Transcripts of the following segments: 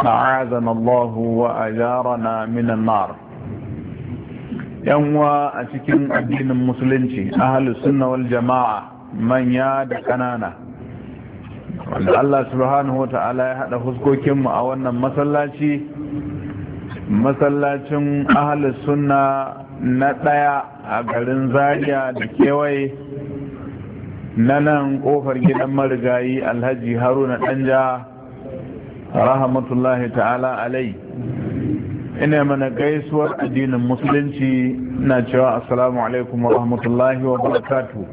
أعاذنا الله وأجارنا من النار yanwa a cikin addinin musulunci ahalus sunna jama'a manya da ƙanana. wanda Allah subhanahu wa ta'ala ya haɗa mu a wannan masallaci masallacin ahalus sunna na ɗaya a garin zaria da kewaye na nan ƙofar gidan marigayi alhaji haruna ɗanja rahmatullahi ta'ala alai ina mana gaisuwar addinin musulunci na cewa assalamu alaikum wa rahmatullahi wa barakatu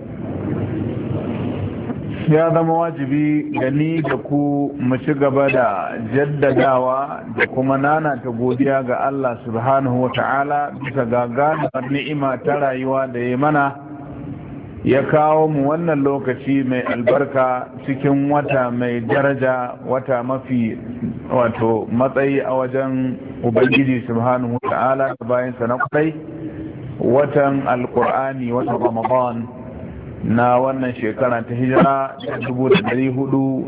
ya zama wajibi gani da ku mu ci gaba da jaddadawa da kuma nana ta godiya ga Allah subhanahu wa ta'ala bisa ga ni'ima ta rayuwa da ya mana ya kawo mu wannan lokaci mai albarka cikin wata mai daraja wata mafi wato matsayi a wajen ubangiji subhanahu wa ta'ala bayan sa na kwarai watan alkur'ani watan ramadan na wannan shekara ta hijira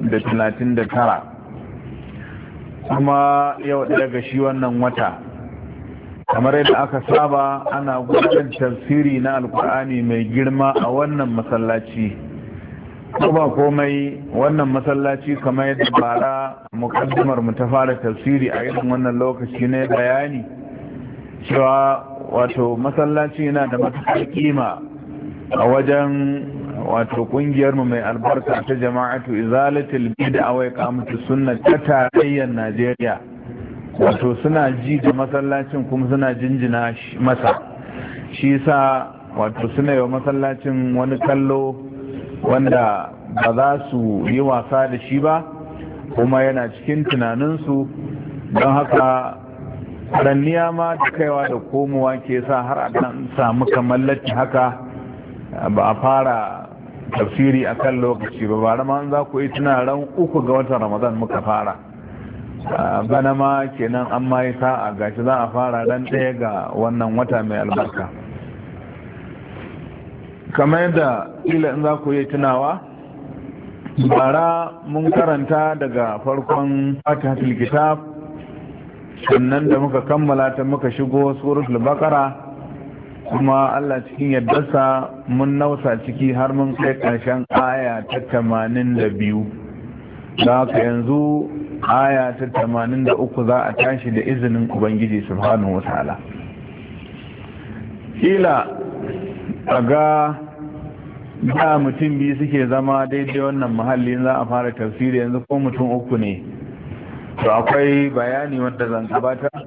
da tara. kuma yau daga shi wannan wata kamar yadda aka saba ana gudanar tafsiri na alkur'ani mai girma a wannan masallaci ko ba komai wannan masallaci kamar yadda bara mukaddimar mu ta fara tafsiri a irin wannan lokaci ne bayani cewa wato masallaci yana da matuƙar kima a wajen wato kungiyar mu mai albarka ta jama'atu izalatul bid'a wa iqamatu sunnah ta tarayyar Najeriya wato suna ji da masallacin kuma suna jinjina masa shi sa wato suna yi wa masallacin wani kallo wanda ba za su yi wasa da shi ba kuma yana cikin tunaninsu don haka ranniya ma da kaiwa da komowa ke sa har a kan samu latin haka ba a fara tafsiri a kan lokaci ba ba ma za ku yi tunaran uku ga watan ramadan muka fara Ah, bana ma kenan an ma sa'a gashi za a fara ran ɗaya ga wannan wata mai albarka kamar yadda ila in za ku yi tunawa bara mun karanta daga farkon fatihatul kitab sannan da muka kammala ta muka shigo suratul baqara kuma Allah cikin sa mun nausa ciki har mun kai ƙarshen aya ta tamanin da biyu da yanzu aya ta tamanin da uku za a tashi da izinin ubangiji subhanahu ta'ala kila a ga ga mutum biyu suke zama daidai wannan mahalli za a fara tafsiri yanzu ko mutum uku ne to akwai bayani wanda zan gabatar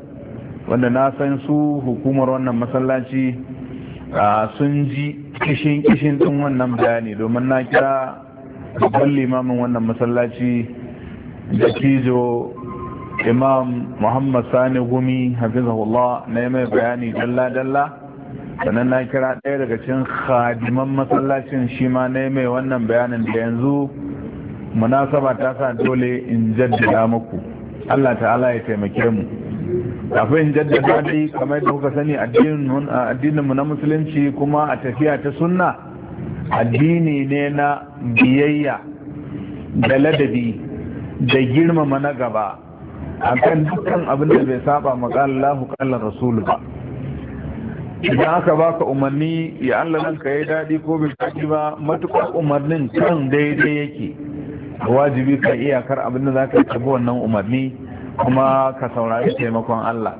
wanda na san su hukumar wannan masallaci sun ji kishin kishin din wannan bayani domin na kira babban limamin wannan masallaci da imam muhammad sani gumi hafizahullah na yi mai bayani dalla-dalla sannan na kira ɗaya daga cikin khadiman masallacin shi ma na yi mai wannan bayanin da yanzu munasaba ta sa dole in jaddada muku allah ta'ala ya taimake mu kafin jaddada dai kamar da kuka sani addininmu na musulunci kuma a tafiya ta sunna addini ne na biyayya da ladabi da girmama na gaba akan dukkan abin da bai saba maƙalallahu ƙallar rasulu ba idan aka baka umarni ya Allah nan ka yi daɗi ko bai daɗi ba matuƙar umarnin kan daidai yake wajibi ka iyakar abin da za ka tabi wannan umarni kuma ka saurari taimakon Allah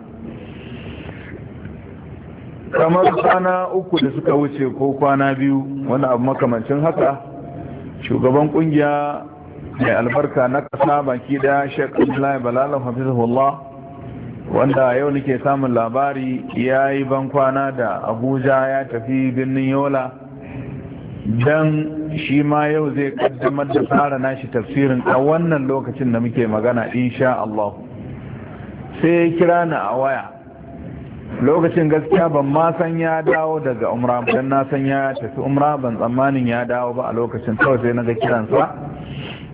kamar kwana uku da suka wuce ko kwana biyu wani abu makamancin haka shugaban kungiya mai albarka na kasa baki daya shek abdullahi balalan hafizahullah wanda yau nake samun labari ya yi bankwana da abuja ya tafi birnin yola don shi ma yau zai kaddamar da fara nashi tafsirin a wannan lokacin da muke magana insha Allah sai ya kira ni a waya lokacin gaskiya ban ma san ya dawo daga umra don na san ya tafi umra ban tsammanin ya dawo ba a lokacin kawai sai na ga kiransa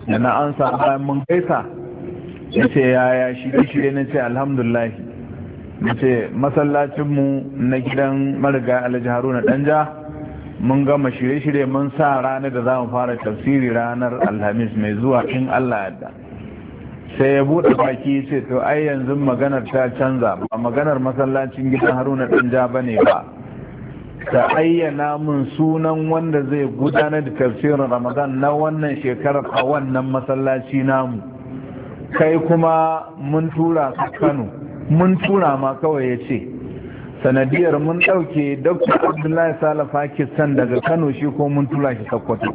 da na ansa bayan mun gaisa ya ce yaya shirye-shirye na ce alhamdulahi na ce masallacinmu na gidan mariga alhaji haruna danja mun gama shirye-shirye mun sa ranar da za mu fara tafsiri ranar alhamis mai zuwa in allah yadda sai ya buɗe baki ce to ai yanzu maganar ta canza ba maganar masallacin gidan haruna danja ba ne ba ta ayyana mun sunan wanda zai gudanar da tafsirin ramadan na wannan shekarar a wannan masallaci namu kai kuma mun tura ka kano mun tura ma kawai ya ce sanadiyar mun ɗauke dr abdullahi salaf pakistan daga kano shi ko mun tura shi sakkwato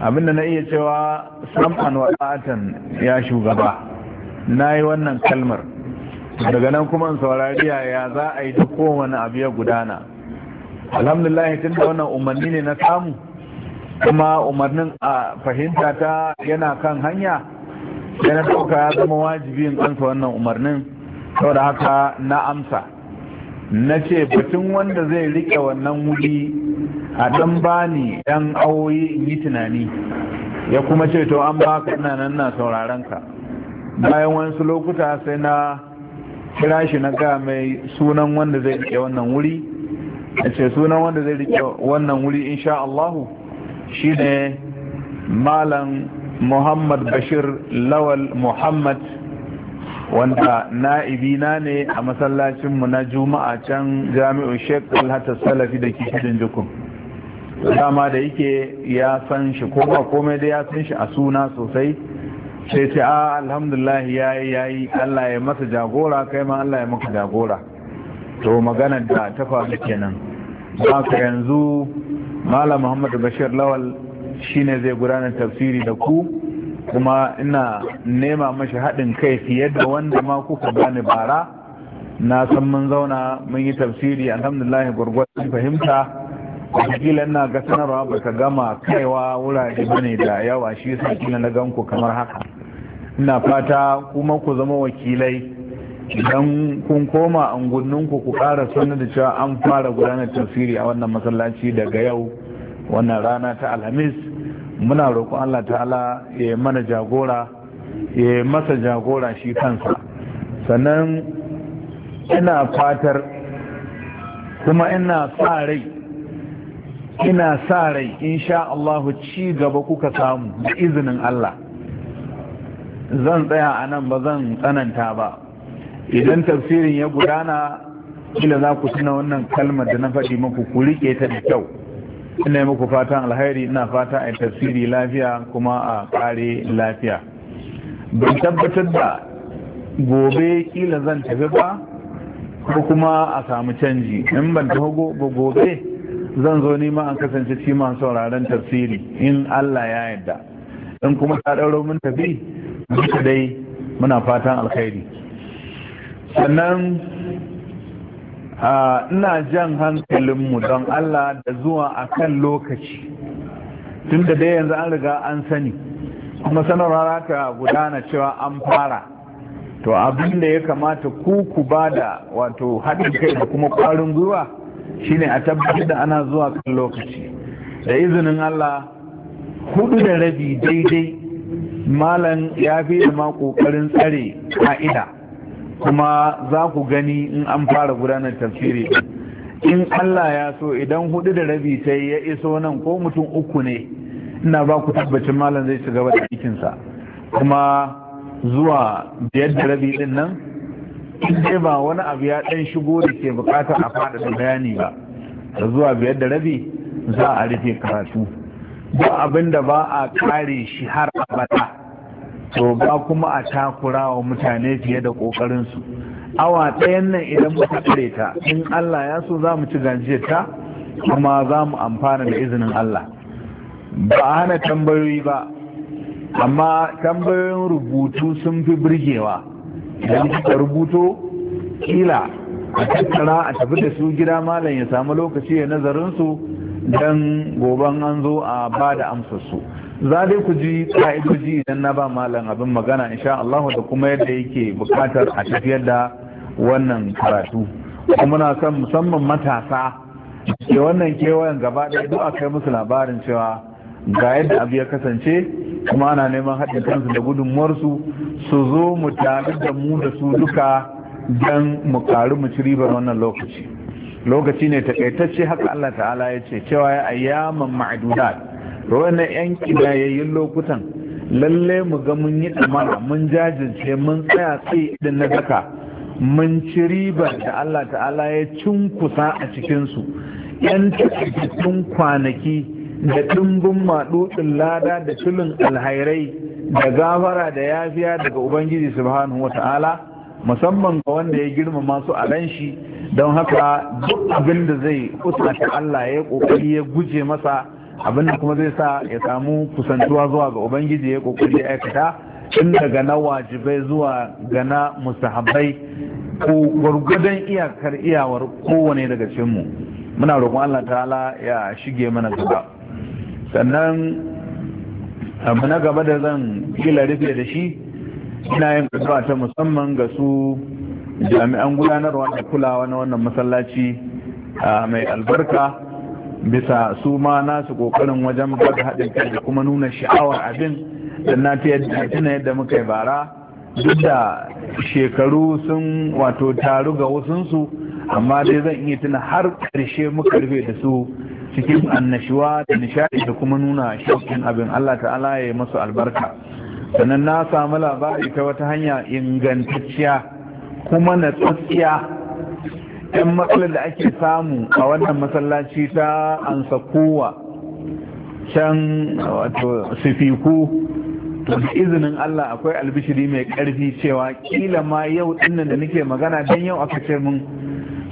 abinda na iya cewa sam an wa'atan ya shugaba na yi wannan kalmar daga nan kuma saurariya ya za a yi duk kowane abu ya gudana alhamdulillah tun da wannan umarni ne na samu kuma umarnin a fahimta ta yana kan hanya yana ɗauka ya zama wajibi in amsa wannan umarnin saboda haka na amsa na ce batun wanda zai rike wannan wuri a bani yan awoyi in yi tunani ya kuma ce to an ba ka ina nan na sauraron ka bayan wasu lokuta sai na kira shi na ga mai sunan wanda zai rike wannan wuri a ce sunan wanda zai rike wannan wuri insha Allahu shi ne malam muhammad bashir lawal muhammad wanda na'ibina ne a masallacin mu na juma'a can jami'u sheikh alhata salafi da kishirin jikun dama da yake ya san shi ko komai da ya san shi a suna sosai sai ce a ah, alhamdulillah yayi yayi allah ya masa jagora kai ma allah ya maka jagora to maganar da ta faru kenan ka yanzu malam Muhammadu bashir lawal shine zai gudanar tafsiri da ku kuma ina nema mashi haɗin kai fiye da wanda ma kuka bani bara na san mun zauna mun yi tafsiri alhamdulillah gwargwadon fahimta kila ina ga sanarwa ba ka gama kaiwa wurare bane da yawa shi yasa kila na ganku kamar haka ina fata kuma ku zama wakilai idan kun koma angonninku ku ƙara sanar da cewa an fara gudanar tafsiri a wannan masallaci daga yau wannan rana ta alhamis muna roƙon allah ta'ala ya mana jagora ya masa jagora shi kansa sannan ina fatar kuma ina sa rai ina sa rai insha allahu ci gaba kuka samu da izinin allah zan tsaya anan nan ba zan tsananta ba idan tafsirin ya gudana kila za ku tuna wannan kalmar da na faɗi muku ku riƙe ta da kyau ina muku fatan alhairi ina fata a tafsiri lafiya kuma a ƙare lafiya ban tabbatar da gobe kila zan tafi ba ko kuma a samu canji in ban taho gobe zan zo nima an kasance ci ma sauraren tafsiri in allah ya yadda. in kuma ta ɗauro mun tafi duka dai muna fatan alkhairi sannan ina jan hankalinmu don Allah da zuwa a kan lokaci tun da dai yanzu an riga an sani kuma sanarwa ta gudana cewa an fara to abin da ya kamata ku ku ba da wato haɗin kai da kuma ƙwarin gwiwa shine a tabbatar da ana zuwa kan lokaci da izinin Allah hudu da rabi daidai malam ya fi da ma ƙoƙarin tsare ka'ida kuma za ku gani in an fara gudanar tafsiri in Allah ya so idan hudu da rabi ta ya iso nan ko mutum uku ne ina ba ku tabbacin malam zai shiga ba aikinsa kuma zuwa biyar da rabi din nan inda ba wani abu ya dan shigo da ke bukata a faɗaɗa bayani ba da zuwa biyar da rabi za a rufe karatu ba abin da ba a kare shi har abada to ba kuma a takura wa mutane fiye da ƙoƙarinsu awa ɗayan nan idan muka tsare ta in Allah ya so za mu ci gajiyarta ta kuma za mu amfana da izinin Allah ba a hana tambayoyi ba amma tambayoyin rubutu sun fi birgewa idan kuka rubuto kila a tattara a tafi da su gida malam ya samu lokaci ya nazarinsu don goban an zo a ba da amsarsu za dai ku ji ka'idoji idan na ba malam abin magana insha Allah da kuma yadda yake bukatar a tafiyar da wannan karatu kuma na san musamman matasa ke wannan kewayen gaba ɗaya duk a kai musu labarin cewa ga yadda abu ya kasance kuma ana neman haɗin kansu da gudunmuwarsu su zo mu tare da mu da su duka don mu ƙaru mu ci ribar wannan lokaci lokaci ne takaitacce haka Allah ta'ala ya ce cewa ya ayyaman ma'adudat wannan yan kidayayyin lokutan lalle mu ga mun yi amana mun jajirce mun tsaya tsaye idan na daka mun ci ribar da Allah ta'ala ya cinkusa a cikinsu yan ciki-cikin kwanaki da ɗimbin maɗuɗin lada da tulin alhairai da gafara da yafiya daga ubangiji subhanahu wa ta'ala musamman ga wanda ya girmama su a ran shi don haka duk abin da zai kusanta Allah ya kokari ya guje masa abin da kuma zai sa ya samu kusantuwa zuwa ga ubangiji ya kokari ya aikata tun daga na wajibai zuwa ga na musahabai ko gwargwadon iyakar iyawar kowane daga cinmu muna roƙon Allah ta'ala ya shige mana gaba sannan abu na gaba da zan kila rufe da shi ina yin addu'a ta musamman ga su jami'an gudanarwa da kulawa na wannan masallaci mai albarka bisa su ma nasu kokarin wajen ba da haɗin kai da kuma nuna sha'awar abin da na tuna yadda muka yi bara duk da shekaru sun wato taru ga wasunsu amma dai zan iya tuna har ƙarshe muka rufe da su cikin annashuwa da nishaɗi da kuma nuna shauƙin abin allah ta'ala ya yi masu albarka sannan na samu labari ta wata hanya ingantacciya kuma na tsakiya yan matsalar da ake samu a wannan masallaci ta kowa can wato sifiku to izinin Allah akwai albishiri mai ƙarfi cewa kila ma yau dinnan da nake magana dan yau aka ce mun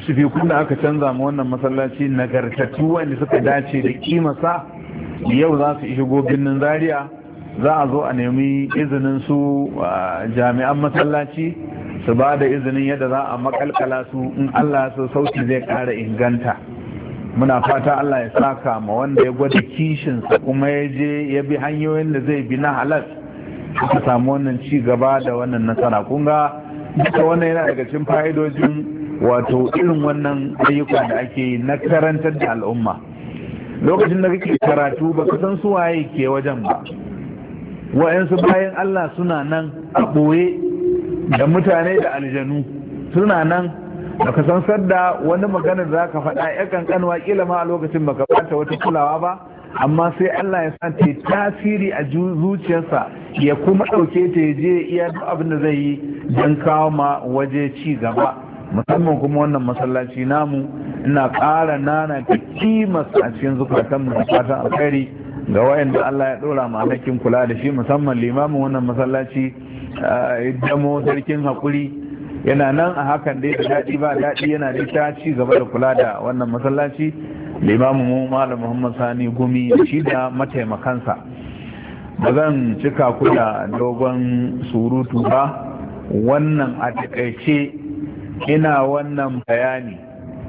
sifiku da aka canza mu wannan masallaci nagartattu wanda suka dace da kimasa yau za su shigo birnin zaria za a zo a nemi izinin su jami'an masallaci su ba da izinin yadda za a makalkala su in Allah su sauti zai ƙara inganta muna fata Allah ya saka ma wanda ya gwada kishinsa kuma ya je ya bi hanyoyin da zai bi na halal ka samu wannan ci gaba da wannan nasara kun ga wannan yana daga cikin fa'idojin wato irin wannan ayyuka da ake na karantar da al'umma lokacin da kake karatu ba ka san su waye ke wajen ba wa'yansu bayan Allah suna nan a ɓoye da mutane da aljanu suna nan da ka san sadda wani magana za ka faɗa ya kankanwa kila ma a lokacin baka bata wata kulawa ba amma sai Allah ya sa ta tasiri a zuciyarsa ya kuma ɗauke ta ya je iya duk abin da zai yi don kawo ma waje ci gaba musamman kuma wannan masallaci namu ina ƙara nana ta kimas a cikin zukatan mu da fatan alkhairi ga da Allah ya dora ma alhakin kula da shi musamman limamin wannan masallaci damo sarkin hakuri yana nan a hakan dai da daɗi ba daɗi yana da ta ci gaba da kula da wannan masallaci limamin mu malam Muhammad Sani Gumi shi da mataimakansa ba zan cika kula dogon surutu ba wannan a takaice ina wannan bayani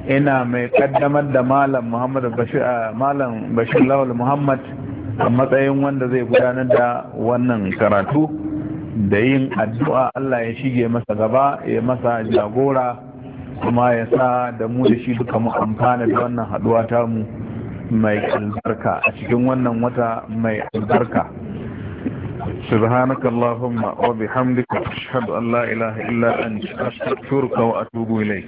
ina mai kaddamar da malam muhammad bashir lawal muhammad a matsayin wanda zai gudanar da wannan karatu da yin addu'a Allah ya shige masa gaba ya masa jagora kuma ya sa da mu da shi duka mu amfana da wannan ta mu mai albarka a cikin wannan wata mai albarka سبحانك اللهم وبحمدك أشهد أن لا إله إلا أنت أستغفرك وأتوب إليك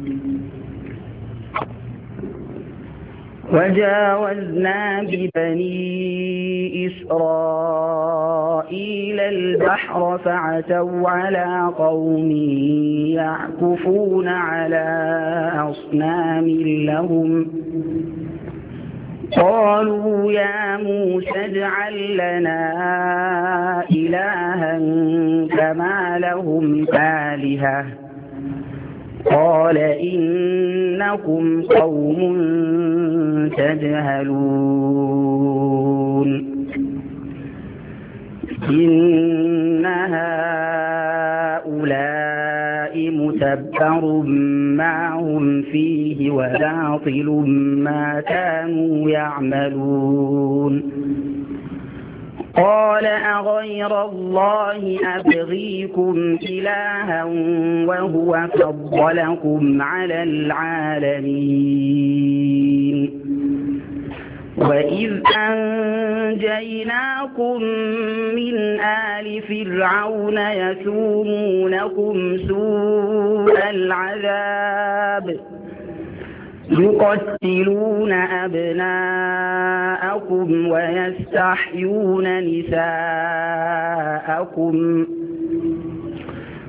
وجاوزنا ببني إسرائيل البحر فعتوا على قوم يعكفون على أصنام لهم قالوا يا موسى اجعل لنا إلها كما لهم آلهة قال إنكم قوم تجهلون إن هؤلاء متبر ما هم فيه وباطل ما كانوا يعملون قال أغير الله أبغيكم إلها وهو فضلكم على العالمين وإذ أنجيناكم من آل فرعون يسومونكم سوء العذاب يقتلون أبناءكم ويستحيون نساءكم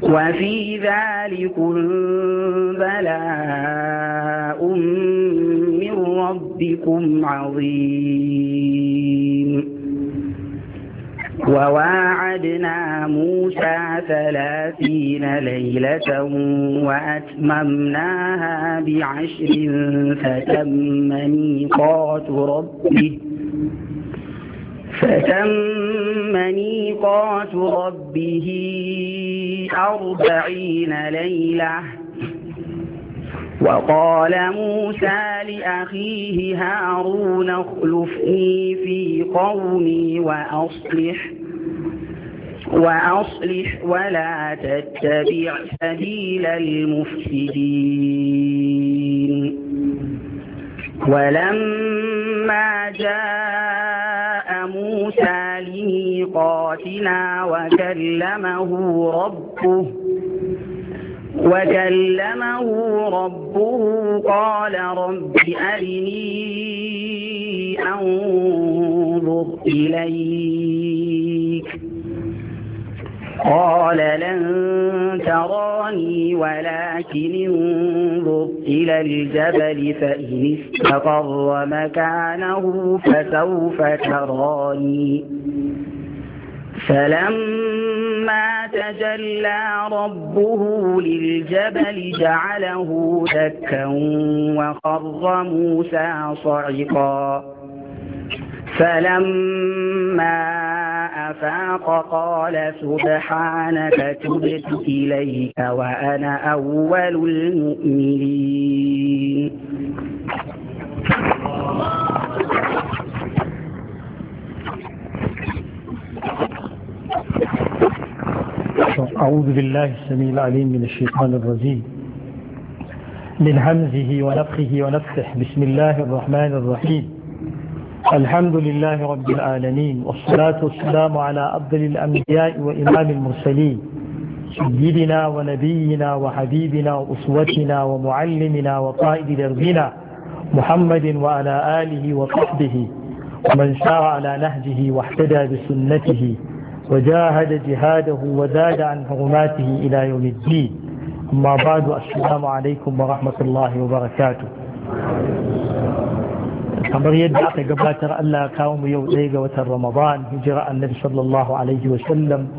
وفي ذلكم بلاء من ربكم عظيم وواعدنا موسى ثلاثين ليلة وأتممناها بعشر فتم ميقات ربه فتم ميقات ربه أربعين ليلة وقال موسى لأخيه هارون اخلفني في قومي وأصلح وأصلح ولا تتبع سبيل المفسدين ولما جاء موسى لميقاتنا وكلمه ربه وكلمه ربه قال رب أرني أنظر إليك قال لن تراني ولكن انظر إلى الجبل فإن استقر مكانه فسوف تراني فلما تجلى ربه للجبل جعله دكا وخر موسى صعقا فلما أفاق قال سبحانك تبت إليك وأنا أول المؤمنين أعوذ بالله السميع العليم من الشيطان الرجيم من همزه ونفخه ونفخه بسم الله الرحمن الرحيم الحمد لله رب العالمين والصلاة والسلام على أفضل الأنبياء وإمام المرسلين سيدنا ونبينا وحبيبنا وأسوتنا ومعلمنا وقائد دربنا محمد وعلى آله وصحبه ومن سار على نهجه واحتدى بسنته وجاهد جهاده وزاد عن حرماته إلى يوم الدين أما بعد السلام عليكم ورحمة الله وبركاته kamar yadda aka gabatar Allah kawo mu yau ɗaya ga watan Ramadan hijira annabi sallallahu alaihi wa sallam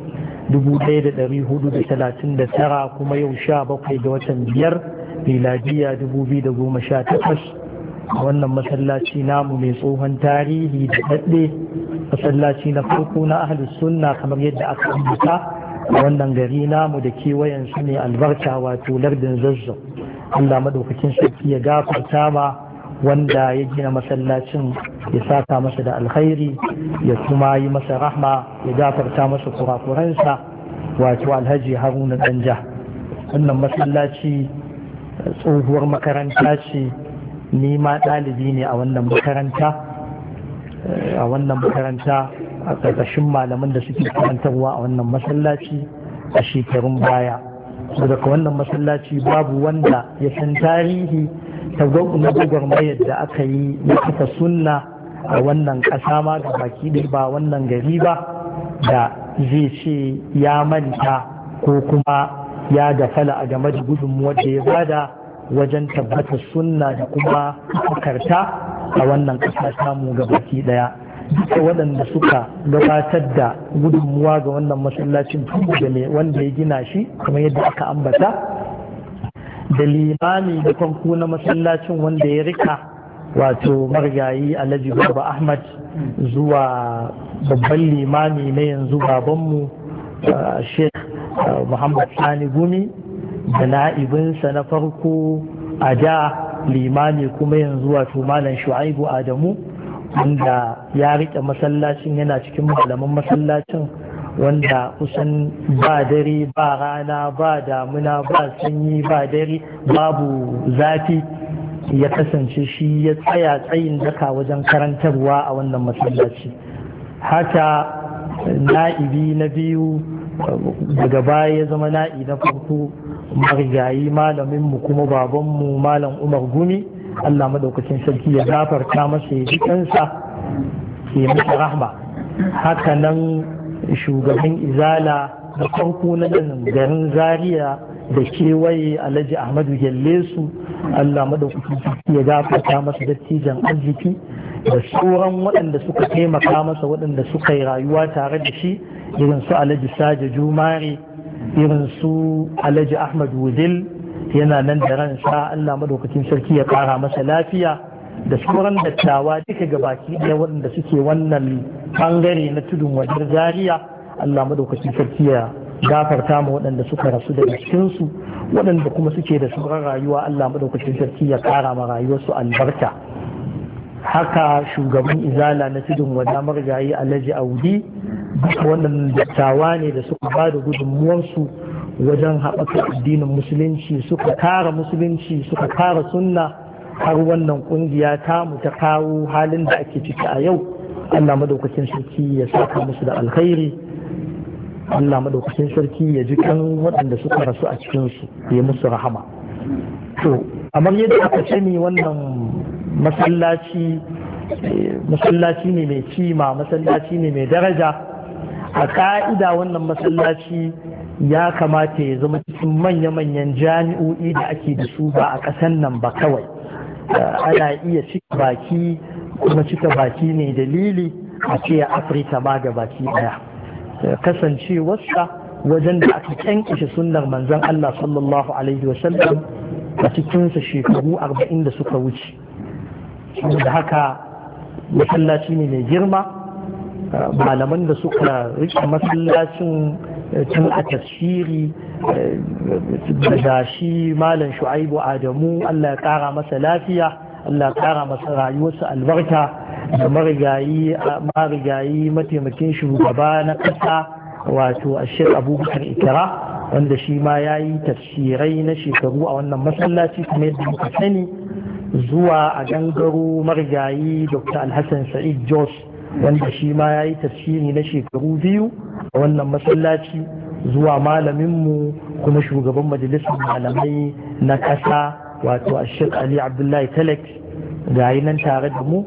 1439 kuma yau 17 ga watan biyar miladiya 2018 a wannan masallaci namu mai tsohon tarihi da daɗe masallaci na farko na ahli sunna kamar yadda aka ambata a wannan gari namu da kewayen su ne albarka wato lardin zazzau Allah madaukakin sarki ya gafarta ma wanda ya gina masallacin ya saka masa da alkhairi ya kuma yi masa rahma ya gafarta masa kurakuransa wato alhaji haruna danja wannan masallaci tsohuwar makaranta ce ni ma ɗalibi ne a wannan makaranta eh, a wannan makaranta a ƙarƙashin malaman da suke karantarwa a wannan masallaci a shekarun baya daga wannan masallaci babu wanda ya san tarihi ta na gwagwar mayar da aka yi na kafa sunna a wannan ƙasa ma ga baki ɗin ba wannan gari ba da zai ce ya manta ko kuma ya gafala a game da gudunmuwar da ya bada wajen tabbatar sunna da kuma kakarta a wannan ƙasa samu ga baki ɗaya duka waɗanda suka gabatar da gudunmuwa ga wannan masallacin da mai wanda ya gina shi kamar yadda aka ambata da limami da farko na masallacin wanda ya rika wato marigayi alhaji baba ahmad zuwa babban limami na yanzu babanmu uh, sheikh uh, muhammad sani gumi da na'ibinsa na farko a da limami kuma yanzu wato malam shu'aibu adamu wanda ya riƙe masallacin yana cikin malaman masallacin wanda kusan ba dare ba rana ba damuna ba sanyi ba dare babu zafi ya kasance shi ya tsaya tsayin daka wajen karantarwa a wannan masallaci haka na'ibi na biyu daga baya ya zama na'i na farko marigayi malaminmu kuma babanmu malam umar gumi Allah madaukakin sarki ya gafarta masa ya ji kansa ke masa rahma nan shugaban izala da farko na garin zaria da kewaye alhaji ahmadu gyallesu allah madaukakin sarki ya gafarta masa dattijan arziki da sauran waɗanda suka taimaka masa waɗanda suka yi rayuwa tare da shi irin su alhaji saja jumare irin su alhaji Ahmadu wudil yana nan da ransa Allah madaukakin sarki ya kara masa lafiya da sauran dattawa duka baki ɗaya waɗanda suke wannan bangare na tudun wajen Zariya. Allah madaukakin sarki ya gafarta ma waɗanda suka rasu da cikinsu waɗanda kuma suke da sauran rayuwa Allah madaukakin sarki ya kara ma rayuwarsu albarka haka shugaban izala na tudun wada marigayi alhaji audi duka waɗannan dattawa ne da suka ba da gudunmuwarsu wajen haɓaka addinin musulunci suka kara musulunci suka kara sunna har wannan ƙungiya mu ta kawo halin da ake ciki a yau Allah madaukakin sarki ya saka musu da alkhairi Allah madaukakin sarki ya ji kan waɗanda suka rasu a cikinsu ya musu rahama to kamar yadda aka ni wannan masallaci masallaci ne mai cima masallaci ne mai daraja a ka'ida wannan masallaci ya kamata ya zama cikin manya-manyan jami'o'i da ake da su ba a ƙasan nan ba kawai eh, ana iya cika baki kuma cika baki ne dalili a ce a afirka ma ga baki daya eh, kasancewarsa wajen da aka kyankishe sunnar manzon Allah sallallahu alaihi wasallam a cikinsa shekaru arba'in da suka wuce da haka masallaci ne mai girma eh, malaman da suka rike masallacin tun a tafsiri eh, da shi malam shu'aibu adamu Allah ya kara masa lafiya Allah ya kara masa rayuwarsa albarka da marigayi mataimakin shugaba na ƙasa wato ashir abubakar ikira wanda shi ma ya yi tafsirai na shekaru a wannan masallaci kuma yadda muka sani zuwa a gangaro marigayi dr alhassan sa'id jos wanda shi ma ya yi tafsiri na shekaru biyu a wannan masallaci zuwa malaminmu kuma shugaban majalisar malamai na kasa. wato ashik ali abdullahi talek ga yi nan tare da mu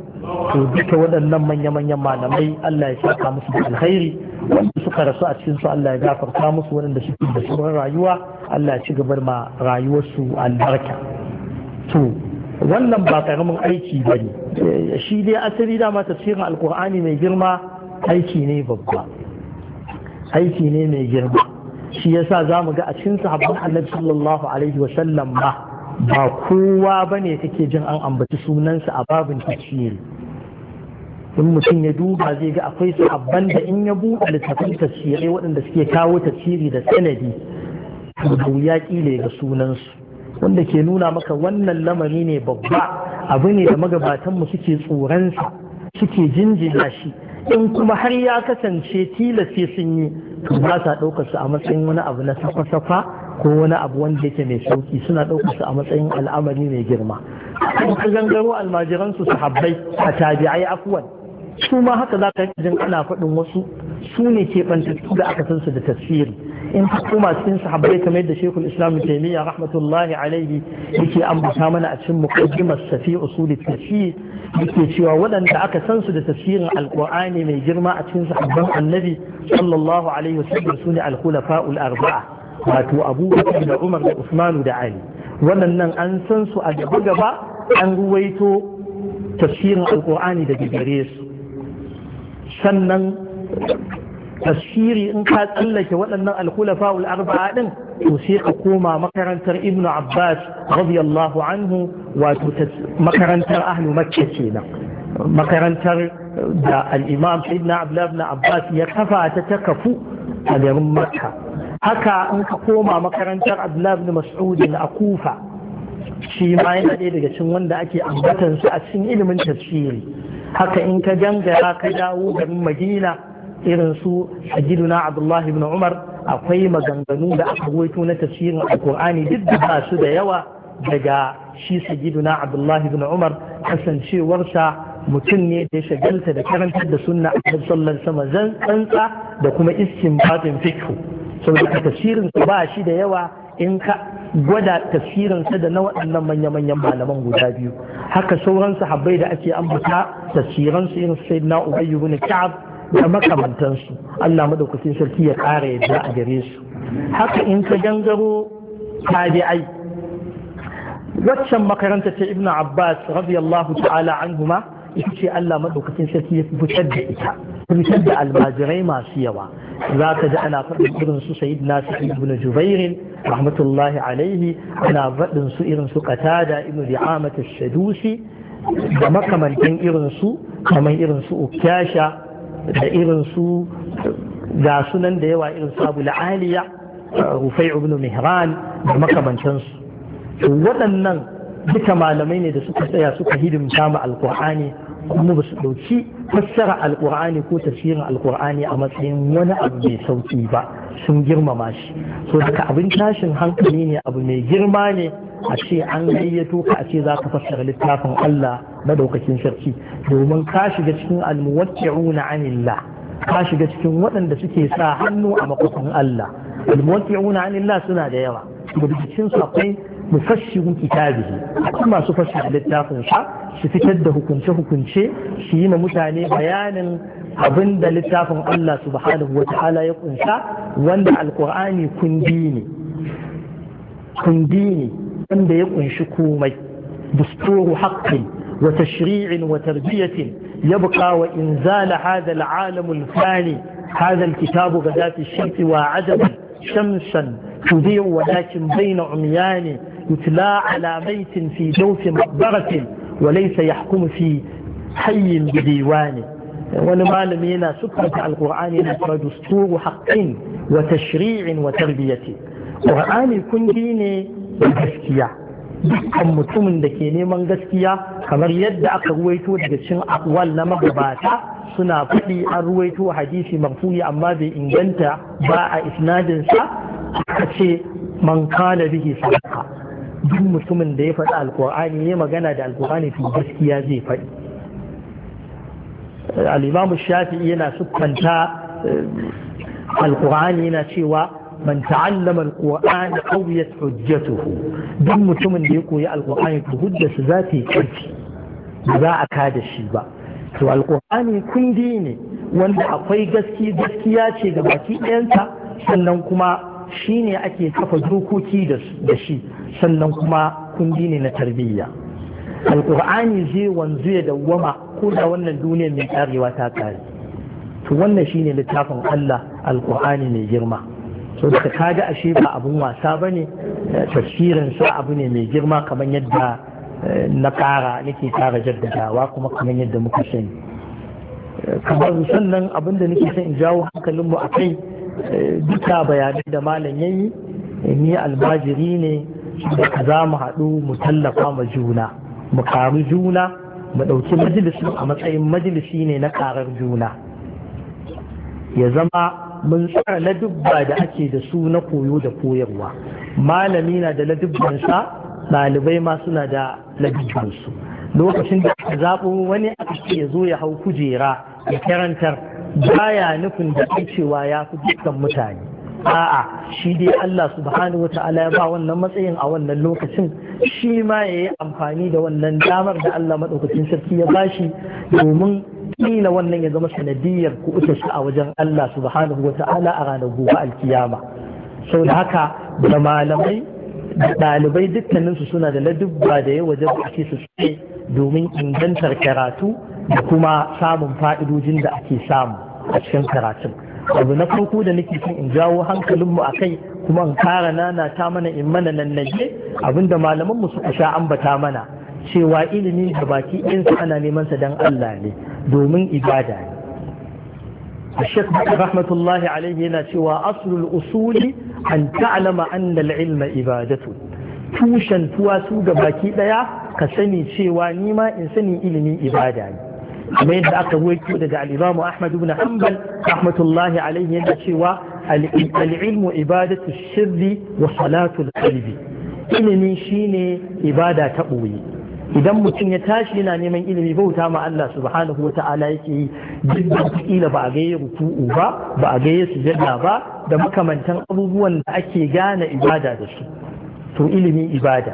to duka waɗannan manya-manyan malamai allah ya saka musu da alkhairi wanda suka rasu a cikin su allah ya gafarta musu waɗanda suke da sauran rayuwa allah ya ci gaba da rayuwarsu albarka to wannan ba karamin aiki ba ne shi dai asali dama tafsirin alkur'ani mai girma aiki ne babba aiki ne mai girma shi yasa za mu ga a cikin sahabban annabi sallallahu alaihi wa sallam ba ba kowa ba ne kake jin an ambaci sunansa a babin tafsiri in mutum ya duba zai ga akwai sahabban da in ya buɗe littafin tafsirai waɗanda suke kawo tafsiri da sanadi to da wuya ƙila ga sunansu wanda ke nuna maka wannan lamari ne babba abu ne da magabatanmu suke tsoransa suke jinjina shi in kuma har ya kasance tilasta sun yi to ba sa ɗaukar a matsayin wani abu na safa-safa ko wani abu wanda yake mai sauki suna ɗaukar su a matsayin al'amari mai girma kuma ka gangaro almajiran su sahabbai a tabi'ai afuwan. su ma haka za ka jin ana faɗin wasu su ne ke da aka san su da tasiri in hukuma cikin sahabbai kamar yadda Sheikhul Islam Taymiyyah rahmatullahi alaihi yake ambata mana a cikin muqaddimar safi usul tafsir yake cewa waɗanda aka san su da tafsirin alqur'ani mai girma a cikin sahabban annabi sallallahu alaihi wasallam sune al-khulafa'ul arba'a wato Abu Bakar da Umar da Usman da Ali waɗannan an san su a gaba gaba an ruwaito tafsirin alqur'ani daga gare su sannan tafsiri in ka tsallake waɗannan alkhulafa ul arba'a to sai ka koma makarantar ibnu abbas radiyallahu anhu wato makarantar ahlu makka kenan makarantar da al-imam sayyidina ibn abbas ya kafa ta ta kafu a garin makka haka in ka koma makarantar abdullah ibn mas'ud a kufa shi ma yana ɗaya daga cikin wanda ake ambatan su a cikin ilimin tafsiri haka in ka gangara ka dawo garin madina irin su hajjiduna abdullahi ibn umar akwai maganganu da aka waito na tafsirin alkur'ani duk da ba su da yawa daga shi sajiduna abdullahi ibn umar kasancewarsa mutum ne da ya shagalta da karantar da sunna a sallan sama zan da kuma istinbatin fikhu saboda tafsirin ba shi da yawa in ka gwada sa da na waɗannan manya-manyan malaman guda biyu haka sauran sahabbai da ake ambata su irin sayyidina ubayyu ibn ka'ab da makamantansu Allah madaukakin sarki ya ƙara yadda a gare su haka in ka gangaro tabi'ai waccan makaranta ta ibnu abbas radiyallahu ta'ala anhuma ita ce Allah madaukakin sarki ya fitar da ita fitar da almajirai masu yawa za ka ji ana faɗin irin su sayid nasu ibn jubairin rahmatullahi alaihi ana faɗin su irin su qatada ibn di'amata shadusi da makamantan irin su kamar irin su ukyasha da irin su ga sunan da yawa irin su abu la'aliya rufai ibn mihran da makamantansu waɗannan duka malamai ne da suka tsaya suka hidimta ma alkur'ani kuma ba su ɗauki fassara alkur'ani ko tafsirin alkur'ani a matsayin wani abu mai sauƙi ba sun girmama shi so daga abin tashin hankali ne abu mai girma ne a ce an gayyato ka a ce za ka fassara littafin Allah madaukakin sarki domin ka shiga cikin almuwatti'una anillah ka shiga cikin waɗanda suke sa hannu a makwafin Allah almuwatti'una anillah suna da yawa da cikin su akwai mufassirun kitabihi akwai masu fassara littafin sa su fitar da hukunce hukunce su yi ma mutane bayanin abin da littafin Allah subhanahu wa ta'ala ya kunsa wanda alkur'ani kundi ne kundi ne wanda ya شكومي دستور حق وتشريع وتربية يبقى وإن زال هذا العالم الفاني هذا الكتاب بذات الشمس وعدما شمسا تضيء ولكن بين عميان يتلى على بيت في جوف مقبرة وليس يحكم في حي بديوان ونمال مينا سكرة القرآن دستور حق وتشريع وتربية qur'ani kundi ne da gaskiya dukkan mutumin da ke neman gaskiya kamar yadda aka ruwaito daga cin akwal na magabata suna faɗi an ruwaito hadisi marfu'i amma bai inganta ba a isnadinsa aka ce man kana bihi sadaka duk mutumin da ya faɗi alkur'ani ya magana da alkur'ani to gaskiya zai faɗi al shafi'i yana sukkanta eh, alkur'ani yana cewa Ban ta'allama alquran qawiyat hujjatuhu duk mutumin da ya koyi alqur'ani to hujjarsa za ta yi karfi ba za a kada shi ba to alqur'ani kundi ne wanda akwai gaskiya ce ga baki ɗayansa sannan kuma shi ake kafa dokoki da shi sannan kuma kundi ne na tarbiyya Alƙur'ani zai wanzu ya dawwama ko da wannan duniyar mai karewa ta kare to wannan shine littafin Allah alkur'ani mai girma so da ka ga ashe ba abun wasa ba ne eh, tafsirin sa abu ne mai girma kamar yadda eh, na kara nake kara jaddadawa kuma kamar yadda muka sani eh, kamar sannan abin da nake son in jawo hankalin mu akai duka bayanai da malam yayi ni albajiri ne da za mu haɗu mu tallafa ma juna mu karu juna mu ɗauki majalisin a matsayin majalisi ne na karar juna ya zama mun tsara ladubba da ake da su na koyo da koyarwa malami na da ladubbansa ɗalibai ma suna da ladubbansu lokacin da aka zaɓo wani aka ce ya zo ya hau kujera ya karantar baya nufin da cewa ya fi dukkan mutane a'a shi dai Allah subhanahu wa ta'ala ya ba wannan matsayin a wannan lokacin shi ma ya yi amfani da wannan damar da Allah maɗaukacin sarki ya bashi domin kila wannan ya zama sanadiyar ku uta shi a wajen Allah subhanahu wa ta'ala a ranar gobe alkiyama sau da haka da malamai da ɗalibai dukkaninsu suna da ladubba da ya wajen ake su tsaye domin ingantar karatu da kuma samun fa'idojin da ake samu a cikin karatun abu na farko da nake son in jawo hankalinmu a kai kuma in kara nana ta mana in mana nan nage abinda malamanmu suka sha ambata mana cewa ilimi da baki ɗinsa ana neman sa don Allah ne domin ibada ne الشيخ رحمة الله عليه ناتوا أصل الأصول أن تعلم ilma العلم إبادة tushen tuwasu ga baki ɗaya ka sani cewa ni ma in sani ilimi ibada ne kuma yadda aka waito da al-Imam Ahmad ibn Hanbal rahmatullahi alaihi yadda cewa al-ilmu ibadatu shirri wa salatu al ilimi shine ibada ta ɓoye. idan mutum ya tashi yana neman ilimi bauta ma Allah subhanahu wa ta'ala yake yi duk da kila ba a ga ruku'u ba ba a ga su sujada ba da makamantan abubuwan da ake gane ibada da su to ilimi ibada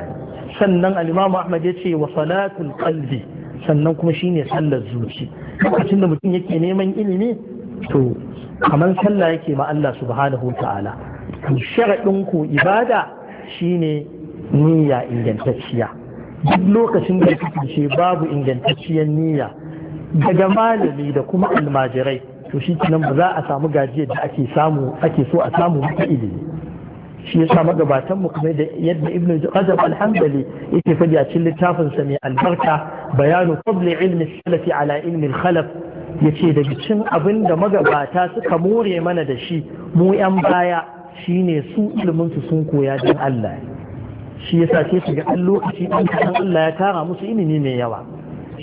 sannan al-Imam Ahmad yace wa salatul qalbi sannan kuma shine sallar zuci lokacin da mutum yake neman ilimi to kamar sallah yake ma Allah subhanahu wa ta'ala sharaɗin ku ibada shine niyya ingantacciya duk lokacin da kashe babu ingantacciyar niyya daga malami da kuma almajirai to shi nan ba za a samu gajiyar da ake samu ake so a samu mata ilimi shi ya yasa magabatan mu kuma da yadda ibnu rajab alhamdali yake faɗi a cikin littafin sa mai albarka bayanu qabl ilmi salafi ala ilmi al-khalaf yace da cikin abin da magabata suka more mana da shi mu yan baya shine su ilmin su sun koya din Allah shi ya sai su ga ɗan lokaci ɗan kaɗan Allah ya tara musu ilimi mai yawa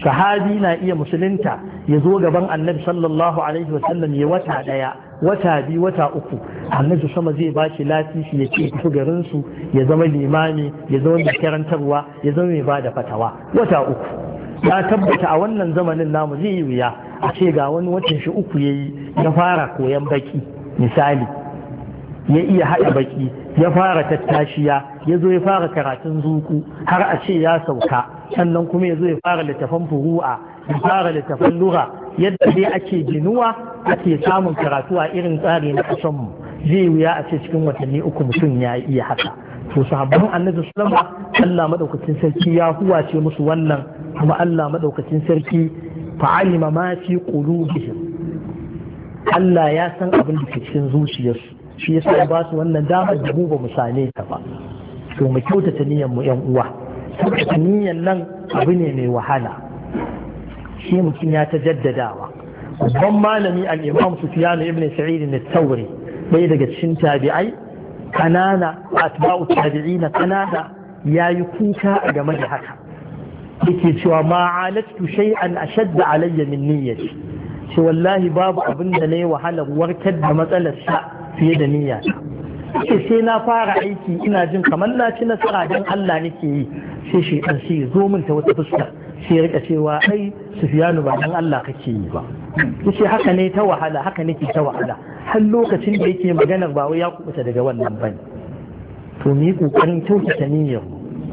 sahabi na iya musulunta ya zo gaban annabi sallallahu alaihi wasallam ya wata ɗaya wata biyu wata uku annabi sama zai ba shi lafifi ya ce su garin ya zama limami ya zama mai karantarwa ya zama mai bada fatawa wata uku ya tabbata a wannan zamanin namu zai yi wuya a ce ga wani watan shi uku ya yi ya fara koyan baki misali ya iya haɗa baki ya fara tattashiya ya zo ya fara karatun zuku har a ce ya sauka sannan kuma ya zo ya fara littafan furu'a ya fara littafan lura yadda dai ake ginuwa ake samun karatu a irin tsari na mu zai wuya a ce cikin watanni uku mutum ya iya haka to sahabban annabi sallama Allah madaukakin sarki ya huwace musu wannan kuma Allah madaukakin sarki fa'alima ma fi qulubihim Allah ya san abin da ke cikin zuciyarsu shi yasa ya ba su wannan damar da mu ba mu same ta ba to mu kyautata niyyar mu yan uwa kyautata niyan nan abu ne mai wahala shi mutum ya ta jaddadawa babban malami al-imam sufyan ibn sa'id al-thawri bai daga cikin tabi'ai kanana atba'u tabi'ina kanana yayi kuka a game da haka yake cewa ma'alatu shay'an ashadda alayya min niyyati shi wallahi babu abin da nayi wahalar warkar da matsalar sa fiye da niyyata sai sai na fara aiki ina jin kamar na ci nasara don Allah nake yi sai shi dan sai zo min ta wata fuska sai ya rika cewa ai Sufyanu ba dan Allah kake yi ba yace haka ne ta wahala haka nake ta wahala har lokacin da yake maganar ba wai ya kubuta daga wannan bane to mu yi kokarin kyautata niyyar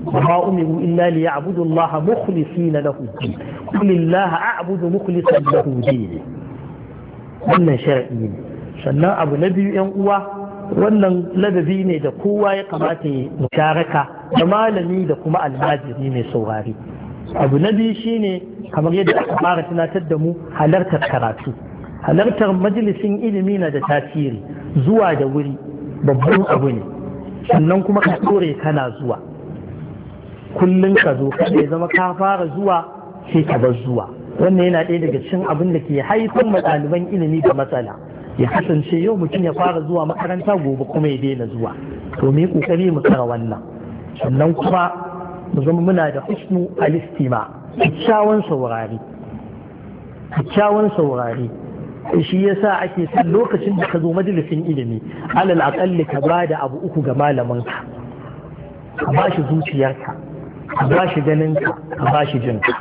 وما أمروا إلا ليعبدوا الله مخلصين له الدين قل الله أعبد مخلصا له ديني wannan shar'i ne sannan abu na biyu yan uwa wannan ladabi ne da kowa ya kamata ya musharaka da malami da kuma almajiri mai saurari abu na biyu shine kamar yadda aka fara tunatar da mu halartar karatu halartar majalisin ilimi na da tasiri zuwa da wuri babban abu ne sannan kuma ka tsore kana zuwa kullum ka zo kada ya zama ka fara zuwa sai ka bar zuwa wannan yana ɗaya daga cikin abin da ke haifar ma ɗaliban ilimi da matsala ya kasance yau mutum ya fara zuwa makaranta gobe kuma ya daina zuwa to mu yi kokari mu tsara wannan sannan kuma mu zama muna da husnu alistima kyakkyawan saurari kyakkyawan saurari shi yasa ake son lokacin da ka zo majalisin ilimi alal aqalli ka ba da abu uku ga malamin ka ba shi zuciyarka ka ba shi ganinka ka ba shi jinka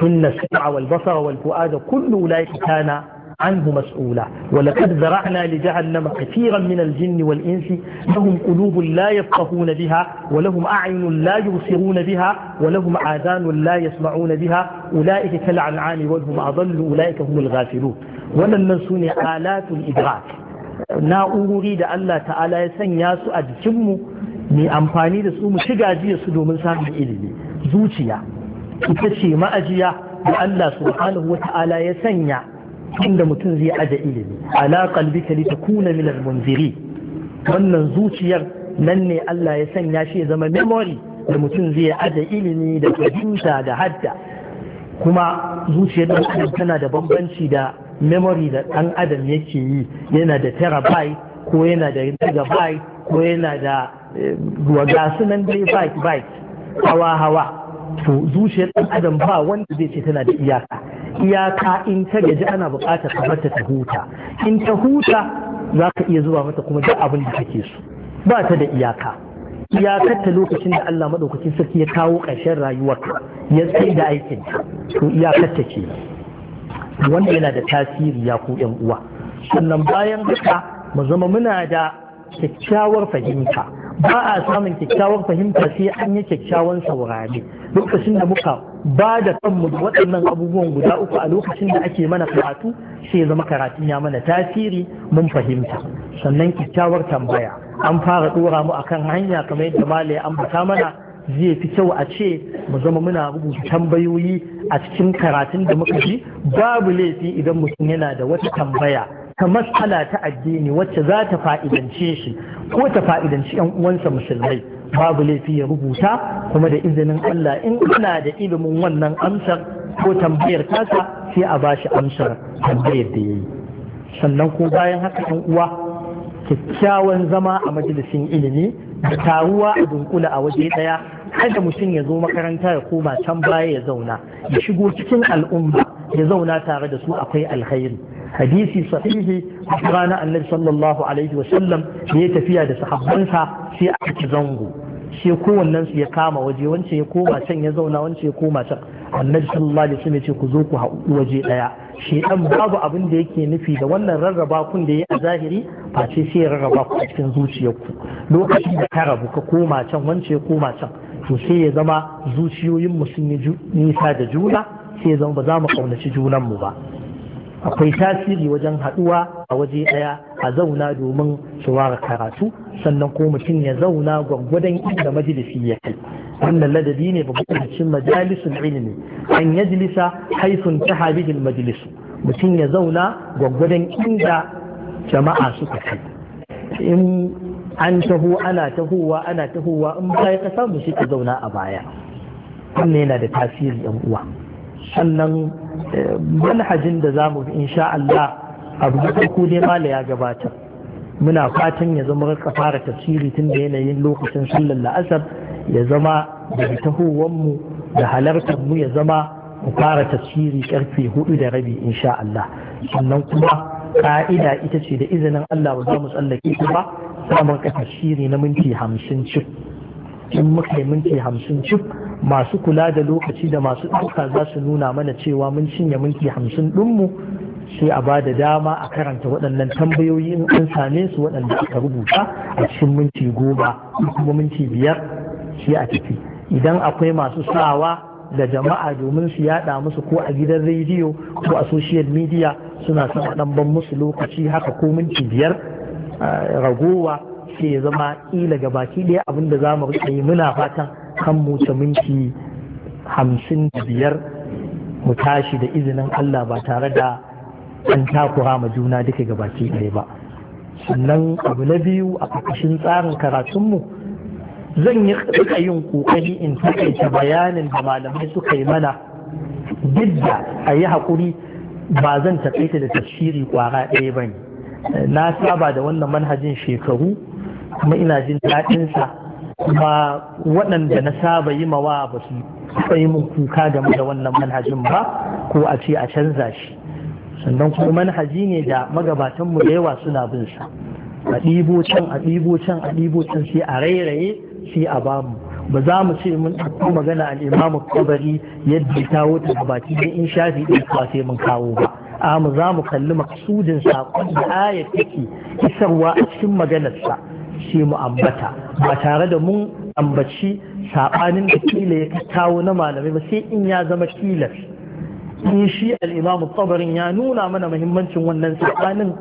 tunna sir'a wal basara wal fu'ada kullu ulaika kana عنه مسؤولا ولقد ذرعنا لجهنم كثيرا من الجن والإنس لهم قلوب لا يفقهون بها ولهم أعين لا يبصرون بها ولهم آذان لا يسمعون بها أولئك كالأنعام وهم أضل أولئك هم الغافلون ولن سوني آلات الإدراك na'urori da Allah ta'ala ya sanya su a jikinmu mai amfani da su mu shiga jiya su domin samun ilimi zuciya ita ce ma'ajiya da Allah subhanahu wa ta'ala ya sanya inda mutum zai aje ilimi ala qalbika litakuna min al-munziri wannan zuciyar nan ne Allah ya sanya shi ya zama memory da mutum zai aje ilimi da fahimta da hadda kuma zuciyar ɗan adam tana da bambanci da memory da ɗan adam yake yi yana da terabyte ko yana da gigabyte ko yana da eh, ga sunan dai byte byte hawa hawa to zuciyar ɗan adam ba wanda zai ce tana da iyaka iyaka in ta gaji ana buƙatar ka mata ta huta in ta huta za ka iya zuwa mata kuma duk abin da kake so ba ta da iyaka iyakar ta lokacin da Allah madaukakin sarki ya kawo ƙarshen rayuwarka ya tsaye da aikin ta, to iyakar ta ce wanda yana da tasiri ya ku yan uwa sannan bayan haka mu zama muna da kyakkyawar fahimta ba a samun kyakkyawar fahimta sai an yi kyakkyawan saurare lokacin da muka ba da kanmu da waɗannan abubuwan guda uku a lokacin da ake mana karatu sai zama karatun ya mana tasiri mun fahimta sannan kyakkyawar tambaya an fara ɗora mu akan hanya kamar yadda malaya an bata mana zai fi kyau a ce mu zama muna rubuta tambayoyi a cikin karatun da muka ji babu laifi idan mutum yana da wata tambaya ta matsala ta addini wacce za ta fa'idance shi ko ta fa'idanci ‘yan uwansa musulmai babu laifi ya rubuta kuma da izinin Allah in ana da ilimin wannan amsar ko tambayar kasa sai a ba shi amsar tambayar da ya yi sannan ko bayan haka ‘yan uwa kyakkyawan zama a majalisin ilimi da taruwa a dunkula a waje ɗaya kada mutum ya zo makaranta ya koma can baya ya zauna ya shigo cikin al'umma ya zauna tare da su akwai alkhairi hadisi sahihi rana annabi sallallahu alaihi wa sallam ne tafiya da sahabbansa sai a ci zango sai kowannen su ya kama waje wance ya koma can ya zauna wance ya koma can annabi sallallahu alaihi wasallam ya ce ku zo ku haɗu waje ɗaya dan babu abin da yake nufi da wannan rarraba kun da ya a zahiri face sai ya rarraba ku a cikin zuciyarku lokacin da ka rabu ka koma can wance ya koma can to sai ya zama zuciyoyinmu sun yi nisa da juna sai ya zama ba za mu ƙaunaci junanmu ba akwai tasiri wajen haɗuwa a waje ɗaya a zauna domin su ware karatu sannan ko mutum ya zauna gwangwadon inda majalisi ya kai wannan ladabi ne ba babban majalisun ilimi an yajlisa haifun ta habibin majalisu mutum ya zauna gwangwadon inda jama'a suka kai in an taho ana tahowa ana tahowa in baya ka samu shi ka zauna a baya wannan yana da tasiri yan uwa sannan eh, manhajin da za mu insha Allah abu da farko dai mala ya gabatar muna fatan ya zama ka fara tafsiri tun da yanayin lokacin sallar la'asar ya zama da tahowar mu da halartar mu ya zama mu fara tafsiri karfe hudu da rabi insha Allah sannan kuma ka'ida ita ce da izinin Allah ba za mu tsallake ta ba samun kasa shiri na minti hamsin cif in muka yi minti hamsin cif masu kula da lokaci da masu ɗauka za su nuna mana cewa mun cinye minti hamsin ɗinmu sai a ba da dama a karanta waɗannan tambayoyi in an same su waɗanda aka rubuta a cikin minti goma kuma minti biyar sai a tafi idan akwai masu sawa da jama'a domin su yada musu ko a gidan rediyo ko a social media suna son a musu lokaci haka ko minti biyar ragowa sai ya zama ƙila ga baki ɗaya abinda za mu rika yi muna fatan kan mu minti hamsin da biyar mu tashi da izinin Allah ba tare da an takura ma juna duka ga baki ɗaya ba sannan abu na biyu a ƙarƙashin tsarin karatunmu zan yi rika yin ƙoƙari in taƙaita bayanin da malamai suka yi mana duk da a yi haƙuri ba zan taƙaita da tafsiri ƙwara ɗaya ba ne na saba da wannan manhajin shekaru kuma ina jin daɗinsa kuma waɗanda na saba yi mawa ba su sai mun kuka game da wannan manhajin ba ko a ce a canza shi sannan kuma manhaji ne da magabatanmu da yawa suna bin sa a ɗibo can a ɗibo can a ɗibo can sai a rairaye sai a bamu ba za mu ce mun ɗauko magana al'imamu kabari yadda ta wuce a baki da in shafi ɗin ba sai mun kawo ba a mu za mu kalli maksudin saƙon da aya take isarwa a cikin maganarsa sai mu ambata ba tare da mun ambaci saɓanin da kila ya kawo na malamai ba sai in ya zama kilas in shi al'imamu kabarin ya nuna mana muhimmancin wannan saɓanin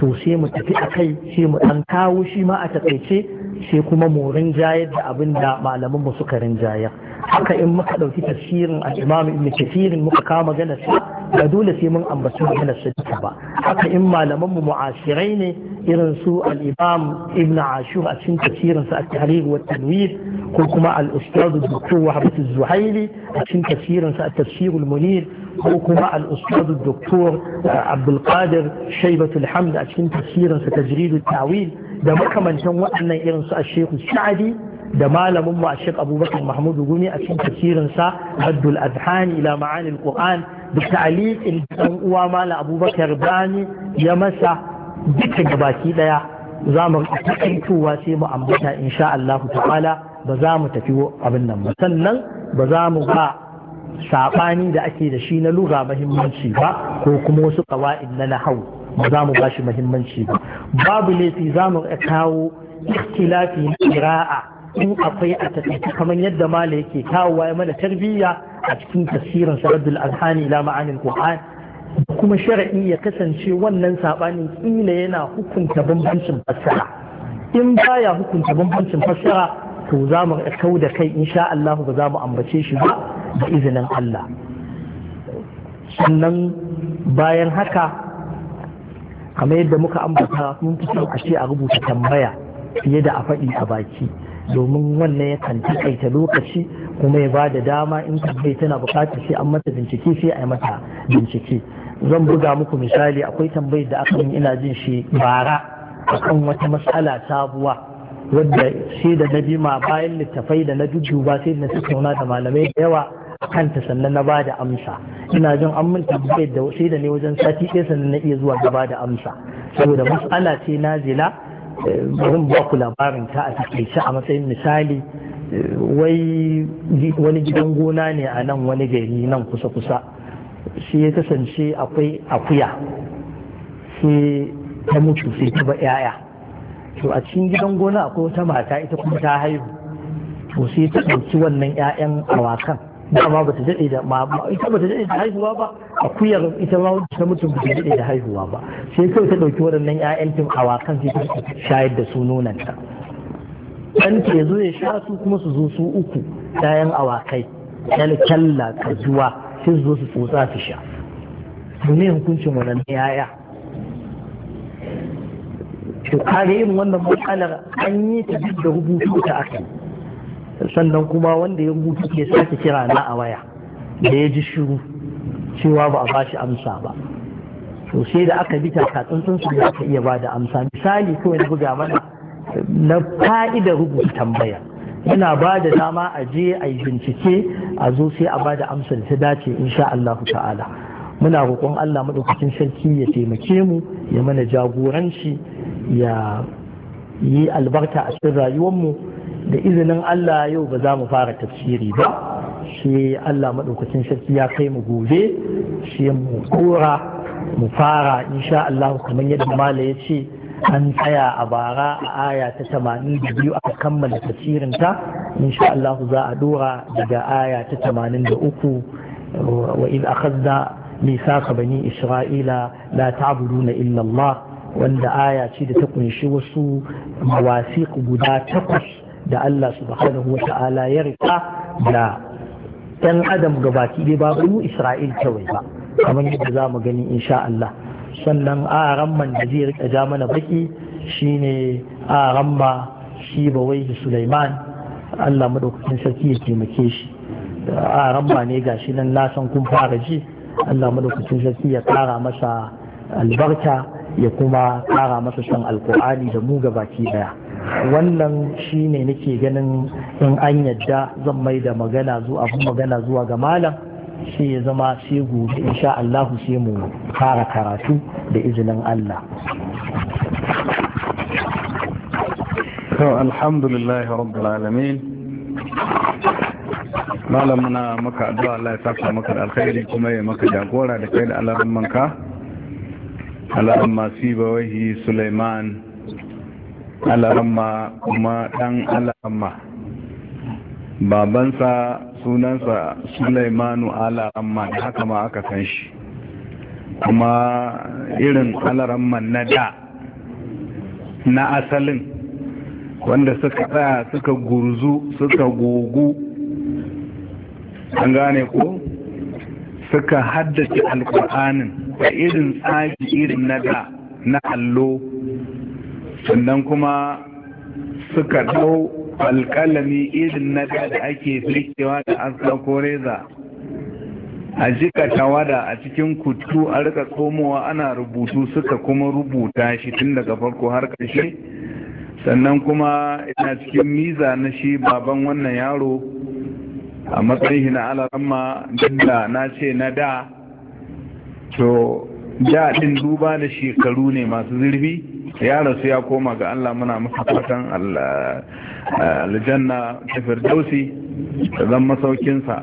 to sai mu tafi a kai sai mu ɗan kawo shi ma a taƙaice sai kuma mu rinjayar da abin da malaman mu suka rinjayar haka in muka ɗauki tafsirin al-imam ibn kathir muka kama maganar ba dole sai mun ambaci maganar sa ba haka in malaman mu mu'ashirai ne irin su al-imam ibn ashur a cikin tafsirin sa at-tahrir wa tanwir ko kuma al-ustad dr wahbat az-zuhaili a cikin tafsirin sa at-tafsir al-munir ko kuma al-ustad dr eh, abdul qadir shaybat hamd a cikin tafsirin sa tajrid at-tawil da makamantan waɗannan irin su a shehu sha'adi da malamin mu a shek abubakar mahmudu gumi a cikin tafsirin sa haddul adhan ila ma'anil qur'an da ta'liqin dan uwa malam abubakar bani ya masa duka gabaki daya za mu takaitowa sai mu ambata insha Allah ta'ala ba za mu tafi abin nan ba sannan ba za mu ba saɓani da ake da shi na lura mahimmanci ba ko kuma wasu ƙawa'id na nahau ba za mu ba shi muhimmanci ba babu laifi za mu kawo ikhtilafi na kira'a in akwai a taƙaice kamar yadda mala yake kawo ya mana tarbiyya a cikin tasirin saraddul alhani la ma'anin qur'an kuma shari'i ya kasance wannan sabanin kila yana hukunta bambancin fassara in baya hukunta bambancin fassara to za mu kau da kai insha Allah ba za mu ambace shi ba da izinin Allah sannan bayan haka kamar yadda muka ambata mun fi son ce a rubuta tambaya fiye da a faɗi a baki domin wannan yakan takaita lokaci kuma ya bada dama in tambayi tana bukatar sai an mata bincike sai a yi mata bincike zan buga muku misali akwai tambayi da aka yi ina jin shi bara akan wata matsala sabuwa wadda sai da na bima bayan littafai da na jujjuba sai na tattauna da malamai da yawa kanta sannan na bada amsa ina jin an mun tabbayar da sai da ne wajen sati ɗaya sannan na iya zuwa da bada amsa saboda mas'ala ce nazila zan ba ku labarin ta a cikin shi a matsayin misali eh, wai wani gidan gona ne a nan wani gari nan kusa kusa shi ya kasance akwai akuya sai ta mutu sai ta ba 'ya'ya to a cikin gidan gona akwai wata mata ita kuma ta haihu to sai ta ɗauki wannan 'ya'yan awakan dama ba ta daɗe da ita ba ta daɗe da haihuwa ba kuyar ita ma wanda ta mutum ba ta daɗe da haihuwa ba sai kawai ta ɗauki waɗannan 'ya'yan tun wakan sai ta shayar da su ta dan ke zo ya sha su kuma su zo su uku ƴaƴan awakai ka zuwa sai su zo su tsotsa su sha domin hukuncin waɗannan 'ya'ya to kare irin wannan matsalar an yi ta duk da rubutu ta akai sannan kuma wanda ya rubuta ke sake kira na a waya da ya ji shiru cewa ba a bashi amsa ba to sai da aka bi taka tsuntsun su za aka iya ba da amsa misali kawai na buga mana na fa'ida rubuta tambaya yana ba da dama a je a yi bincike a zo sai a ba da amsa da ta dace in sha Allah ta'ala muna roƙon Allah maɗaukacin sarki ya taimake mu ya mana jagoranci ya yi albarka a cikin mu. da izinin Allah yau ba za mu fara tafsiri ba shi Allah maɗaukacin sarki ya kai mu gobe shi mu kora mu fara insha Allah kamar yadda mala ya ce an tsaya a bara a aya ta tamanin da biyu aka kammala tafsirin ta insha Allah za a dora daga aya ta tamanin da uku wa in akhadna misaka bani isra'ila la ta'buduna illa Allah wanda aya ce da ta kunshi wasu mawasiq guda takwas da Allah subhanahu wa ta'ala ya rika da ɗan adam gabaki dai ba banu Isra'il kawai ba kamar yadda za mu gani insha Allah sannan aran ramman da zai rika ja mana baki shine a ramma shi ba wai Sulaiman Allah madaukakin sarki ya taimake shi a ramma ne gashi nan na san kun fara ji Allah madaukakin sarki ya kara masa albarka ya kuma kara masa san alkur'ani da mu gabaki daya wannan shi ne nake ganin in an yadda zan mai da magana zuwa abin magana zuwa ga malam sai ya zama sai gobe insha Allah sai mu fara karatu da izinin Allah to alhamdulillah rabbil alamin malam muna maka addu'a Allah ya saka maka alkhairi kuma ya maka jagora da kai da alarin manka alarin masu Sulaiman alarma kuma ɗan alarma babansa sunansa sulaimanu alarma da haka ma aka san shi kuma irin alarman na da na asalin wanda suka tsaya suka gurzu suka gogu an gane ko suka haddace alƙur'anin da irin tsaki irin na da na allo sannan kuma suka dau alƙalami irin na da ake fikewa da aska ko reza a jika tawada a cikin kutu a rika tsomowa ana rubutu suka kuma rubuta shi tun daga farko har ƙarshe sannan kuma ina cikin miza na shi baban wannan yaro a matsayin na alarama duk da na ce na da to da ɗin duba da shekaru ne masu zurfi ya rasu ya koma ga Allah muna masa fatan eh, aljanna ta firdausi da zan masaukinsa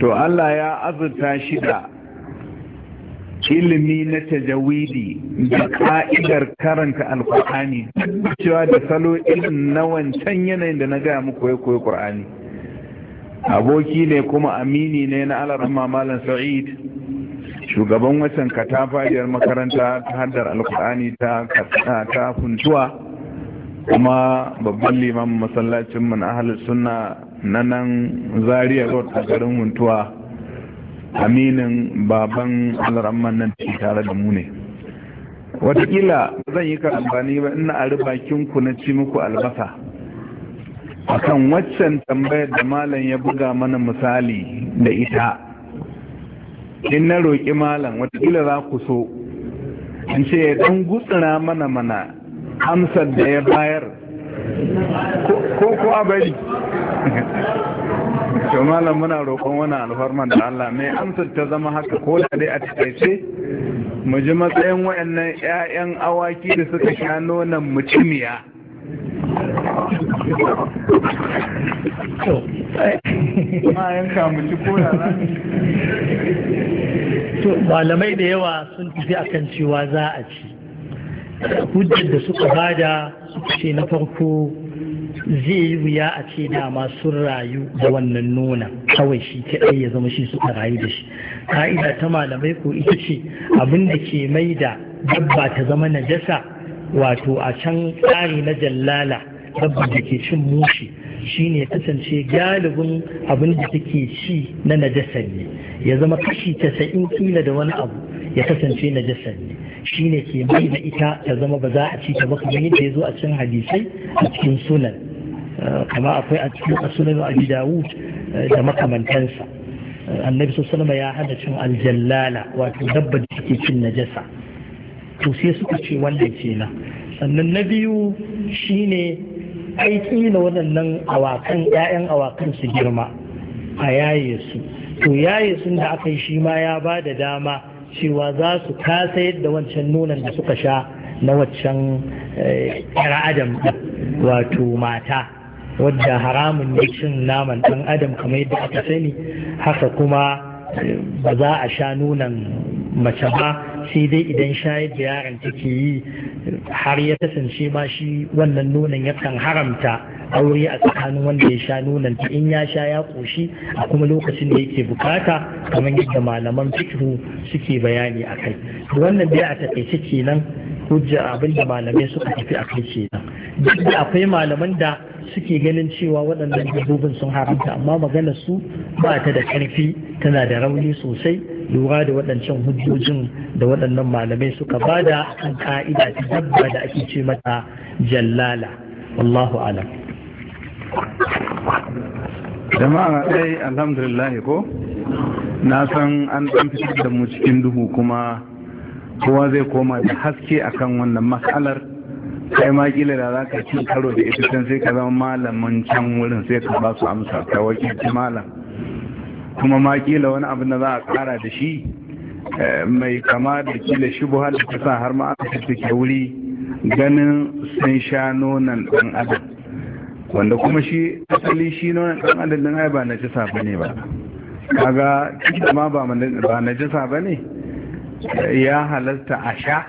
to Allah ya azurta shi da ilimi na tajawidi da ka'idar karanta alkur'ani cewa da salo irin na wancan yanayin da na gaya muku ya koyi qur'ani aboki ne kuma amini ne na alarma malam sa'id shugaban waccan katafariyar makaranta ta haddar alkur'ani ta ta funtuwa kuma babban liman masallacin mun ahalus sunna na nan zaria road a garin huntuwa aminin baban alramman nan ke tare da mu ne watakila zan yi karambani ba ina a bakin ku na ci muku albasa kan waccan tambayar da malam ya buga mana misali da ita in na roƙi malam watakila za ku so in ce ya ɗan gutsura mana mana amsar da ya bayar ko ko a bari to malam muna roƙon wani alfarman da Allah mai amsar ta zama haka ko da dai a takaice mu ji matsayin waɗannan 'ya'yan awaki da suka sha nonon mutumiya malamai da yawa sun tafi kan cewa za a ci hujjar da suka bada suka ce na farko zai yi wuya a ce dama sun rayu da wannan nuna kawai shi kaɗai ya zama shi suka rayu da shi ka'ida ta malamai ko ita ce abin da ke mai da dabba ta zama najasa wato a can tsari na jallala dabba da ke cin mushi shine ya kasance galibin abin da take ci na najasa ne ya zama kashi casa'in kila da wani abu ya kasance najasa ne Shi ne ke mai da ita ta zama ba za a ci ta ba kamar yadda ya zo a cikin hadisai a cikin sunan eh, kama akwai a cikin sunan abi dawud eh, da makamantansa eh, annabi sallallahu ya hada cin aljallala wato dabba da take cin najasa to sai suka ce wannan kenan sannan na biyu shine ai kila waɗannan awakan 'ya'yan awakan su girma a yaye su to yaye sun da aka yi shi ma ya ba da dama cewa za su kasa yadda wancan nonon da suka sha na waccan eh, yar adam wato mata wadda haramun ne cin naman ɗan adam kamar yadda aka sani haka kuma ba za a sha nunan mace ba sai dai idan shayar da yaron take yi har ya kasance ma shi wannan nunan yakan haramta aure a tsakanin wanda ya sha nunan ta in ya sha ya koshi a kuma lokacin da yake bukata kamar yadda malaman fikihu suke bayani a kai wannan dai a takaice kenan hujja abin da malamai suka tafi a kai kenan duk da akwai malaman da suke ganin cewa waɗannan dabbobin sun haramta amma maganar su ba ta da ƙarfi tana da rauni sosai lura da waɗancan hujjojin da waɗannan malamai suka bada kan ka'ida ta dabba da ake ce mata jallala wallahu alam jama'a dai eh, alhamdulillah ko na san an dan fitar da mu cikin duhu kuma kowa zai koma da haske akan wannan matsalar kai ma kila da za ka ci karo da ita can sai ka zama malamin can wurin sai ka ba su amsa ka wakilci malam kuma ma kila wani abu da za a kara da shi eh, mai kama da kila shi buhar da ta sa har ma aka ke wuri ganin sun sha nonon ɗan adam wanda kuma shi asali shi na ɗan adadin ai ba na jisa ba ne ba kaga ma ba na jisa ba ne ya halasta a sha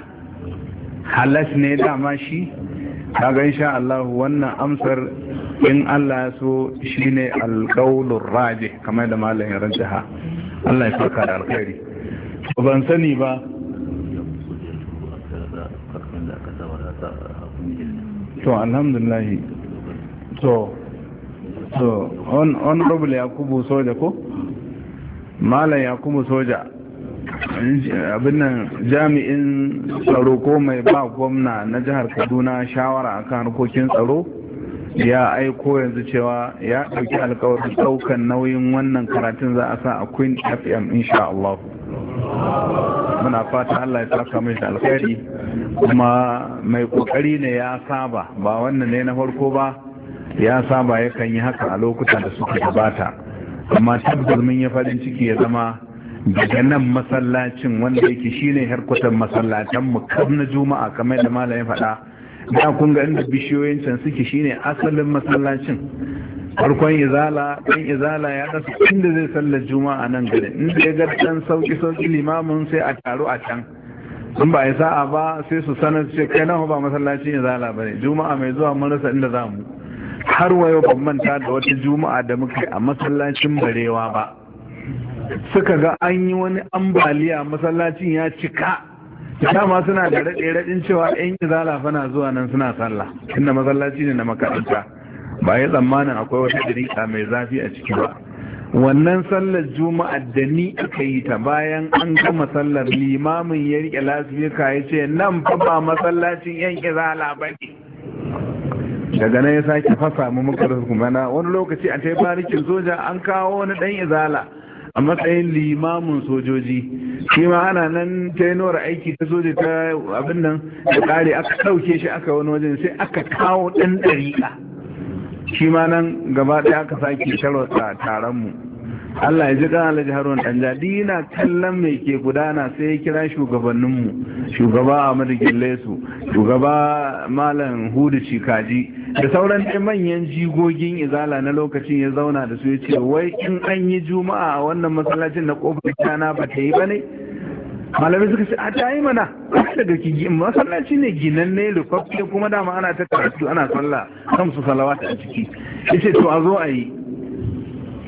halas ne dama shi kaga insha Allah wannan amsar in Allah ya so shine alƙaulur raje kamar da malamin ha Allah ya saka da alkhairi ban sani ba to alhamdulillah to to honorable yakubu soja ko malam yakubu soja abin nan jami'in tsaro ko mai ba gwamna na jihar kaduna shawara akan harkokin tsaro ya aiko yanzu cewa ya ɗauki alkawarin ɗaukan nauyin wannan karatun za a sa a queen fm insha Allah muna fata Allah ya saka mai da alkhairi kuma mai kokari ne ya saba ba wannan ne na farko ba ya saba yakan yi haka a lokuta da suka gabata amma tabbas mun yi farin ciki ya zama daga nan masallacin wanda yake shine harkutan masallatan mu kar na juma'a kamar da malamin ya faɗa da kun ga inda bishiyoyin can suke shine asalin masallacin farkon izala ɗan izala ya rasa inda zai sallar juma'a nan gari inda ya ga ɗan sauki sauki limamin sai a taru a can in ba ya sa'a ba sai su sanar ce kai nan ba masallacin izala ba juma'a mai zuwa mun rasa inda za mu har wayo ban manta da wata juma'a da muka a masallacin barewa ba suka ga an yi wani ambaliya masallacin ya cika dama suna da raɗe raɗin cewa yan izala fana zuwa nan suna sallah inda masallaci ne na makaranta ba yi tsammanin akwai wata dariƙa mai zafi a ciki ba wannan sallar juma'a da ni aka yi ta bayan an gama sallar limamin ya riƙe lasifika ya ce nan fa ba masallacin yan izala ba ne daga nan ya sake fasa mu muka rasa wani lokaci a tai barikin soja an kawo wani dan izala a matsayin limamin sojoji shi ma ana nan ta yi nora aiki ta soja ta abin nan da kare aka ɗauke shi aka wani wajen sai aka kawo ɗan ɗariƙa shi ma nan gaba ɗaya aka sake tarwata taron mu Allah ya ji kan Alhaji Haruna Danja dina kallon mai ke gudana sai ya kira shugabanninmu shugaba Ahmadu Gillesu shugaba Malam Hudu Shikaji da sauran ɗaya manyan jigogin izala na lokacin ya zauna da su ya ce wai in an yi juma'a a wannan masallacin na kofar tana ba ta yi ba ne malamai suka ce a ta yi mana daga masallaci ne ginanne rufaffe kuma dama ana ta karatu ana sallah kan su salawata a ciki ya ce to a zo a yi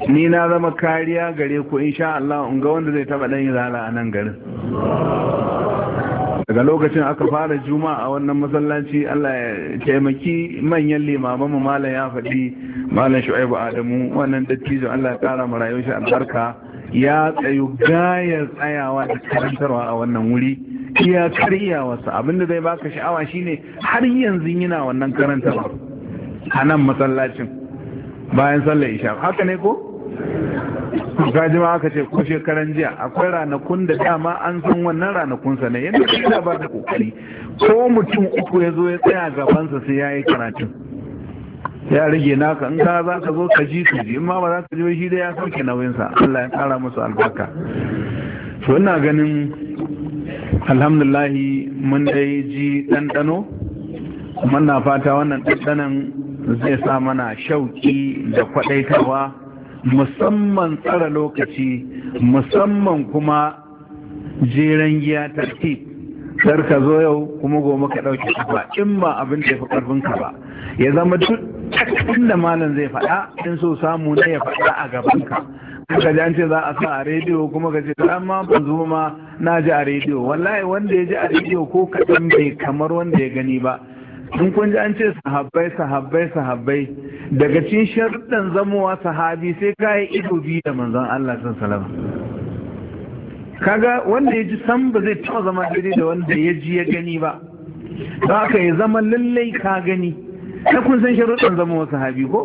ni na zama kariya gare ku insha Allah in ga wanda zai taba dan izala a nan garin daga lokacin aka fara juma'a a wannan masallaci Allah ya taimaki manyan limaman mu malam ya faɗi malam shu'aibu adamu wannan dattijo Allah ya kara mu rayuwar shi albarka ya tsayu gayar tsayawa da karantarwa a wannan wuri iya karya wasu abinda zai baka sha'awa shine har yanzu yana wannan karantarwa a nan masallacin bayan sallar isha haka ne ko ka ma aka ce ko shekaran jiya akwai ranakun da dama an san wannan ranakun sa ne yadda da ba da kokari ko mutum uku ya zo ya tsaya gabansa sai yayi yi karatun ya rage naka in ka za ka zo ka ji su ji in ma ba za ka ji shi da ya sauke nauyinsa Allah ya kara musu albarka to ina ganin alhamdulillah mun dai ji ɗanɗano na fata wannan ɗanɗanon zai sa mana shauki da kwadaitawa musamman tsara lokaci musamman kuma jeren giya tartib kar ka zo yau kuma gobe ka ɗauke ba. in ba abin da ya fi ƙarfin ka ba ya zama duk inda malam zai faɗa in so samu ne ya faɗa a gaban ka ka ji an ce za a sa a rediyo kuma ka ce ka ma ban zo ma na ji a rediyo wallahi wanda ya ji a rediyo ko kaɗan bai kamar wanda ya gani ba in kun ji an ce sahabbai sahabbai sahabbai daga cikin sharuɗan zamowa sahabi sai ka yi ido biyu da manzon Allah sun salama kaga wanda ya ji san ba zai taɓa zama daidai da wanda ya ji ya gani ba za ka yi zama lallai ka gani na kun san sharuɗan zamowa sahabi ko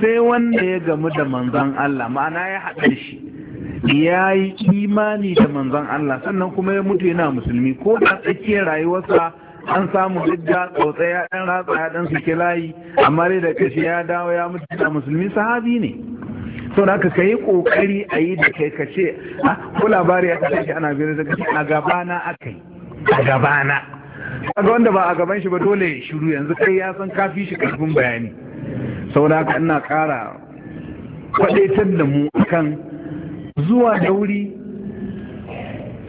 sai wanda ya gamu da manzon Allah ma'ana ya haɗa shi ya yi imani da manzon Allah sannan kuma ya mutu yana musulmi ko da tsakiyar rayuwarsa an samu ridda tsautsai ya ɗan ratsa ya ɗan suke layi amma dai da kashi ya dawo ya mutu da musulmi sahabi ne sau da ka yi kokari a yi da kai ka ce ah, ko labari ya shi ana biyar da kashi a gabana aka yi a gabana kaga wanda ba a gaban shi ba dole shiru yanzu kai ya san kafi shi karfin bayani sau da haka ina kara kwadaitar da mu kan zuwa dauri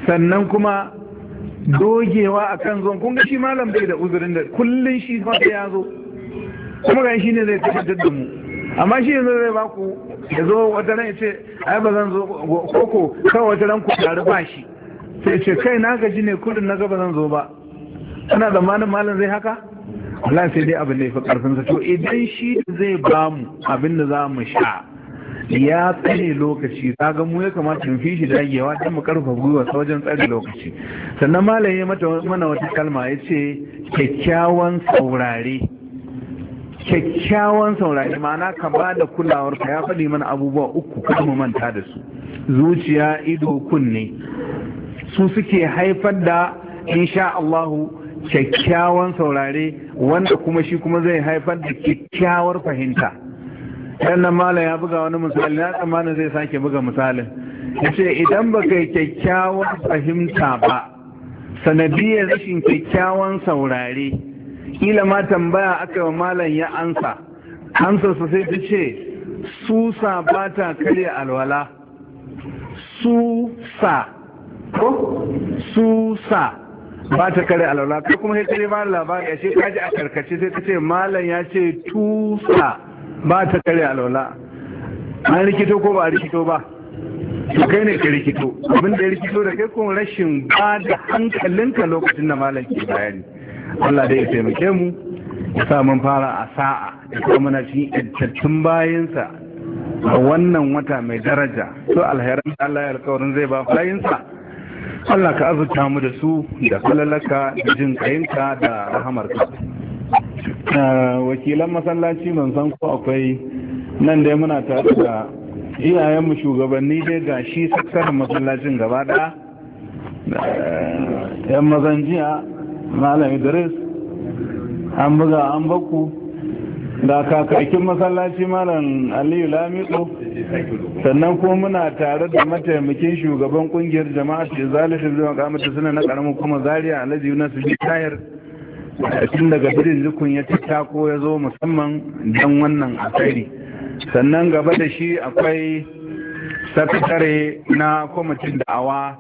sannan kuma dogewa a kan zon kunga ga shi malam bai da uzurin da kullum shi fata ya zo kuma ga shi ne zai tabbatar da mu amma shi yanzu zai baku ya zo wata ran ce ai ba zan zo koko kawai wata ran ku tare ba shi sai ce kai na gaji ne kudin na gaba zan zo ba ana zamanin malam zai haka Allah sai dai abin da ya fi karfin sa to idan shi zai bamu abin da za mu sha ya tsare lokaci ga mu ya kamata mu fi shi dagewa don mu karfa gwiwa ta wajen tsare lokaci sannan malam ya mata mana wata kalma ya ce kyakkyawan saurare kyakkyawan saurare ma'ana ka ba da kulawar ka ya faɗi mana abubuwa uku kuma mu manta da su zuciya ido kunne su suke haifar da insha Allahu kyakkyawan saurare wanda kuma shi kuma zai haifar da kyakkyawar fahimta Yan nan malam ya buga wani misali na tsammanin zai sake buga misalin ce idan baka yi kyakkyawan fahimta ba sanadiyar rashin kyakkyawan saurare kila ma tambaya aka wa malam ya ansa su sai ta ce susa ba ta karya alwala susa ko susa ba ta kare alwala kai kuma sai kare ba labari a ce kaji a karkace sai ta ce malam ya ce tusa ba ta kare alwala an rikito ko ba a rikito ba to kai ne ka rikito abin da ya rikito da kai kun rashin ba da hankalinka lokacin da malam ke bayani Allah dai ya taimake mu ya sa mun fara a sa'a ya kuma muna cikin intattun bayansa a wannan wata mai daraja to alheran Allah ya alkawarin zai ba bayansa Allah ka azurta mu da su da falalaka da jin kayinka da rahamarka Ah, wakilan masallaci ban san ko akwai nan dai muna tare da iyayenmu shugabanni dai ga shi sakar masallacin gaba da ah, yan mazan jiya malam idris an buga an baku da kakakin masallaci malam aliyu lamiko sannan kuma muna tare da mataimakin shugaban kungiyar jama'a ce zalishin zuwa kamata suna na karamin kuma Zariya, alhaji yunus tayar tun daga birin zukun ya tattako ya zo musamman don wannan alkhairi sannan gaba da shi akwai sakatare na kwamitin da'awa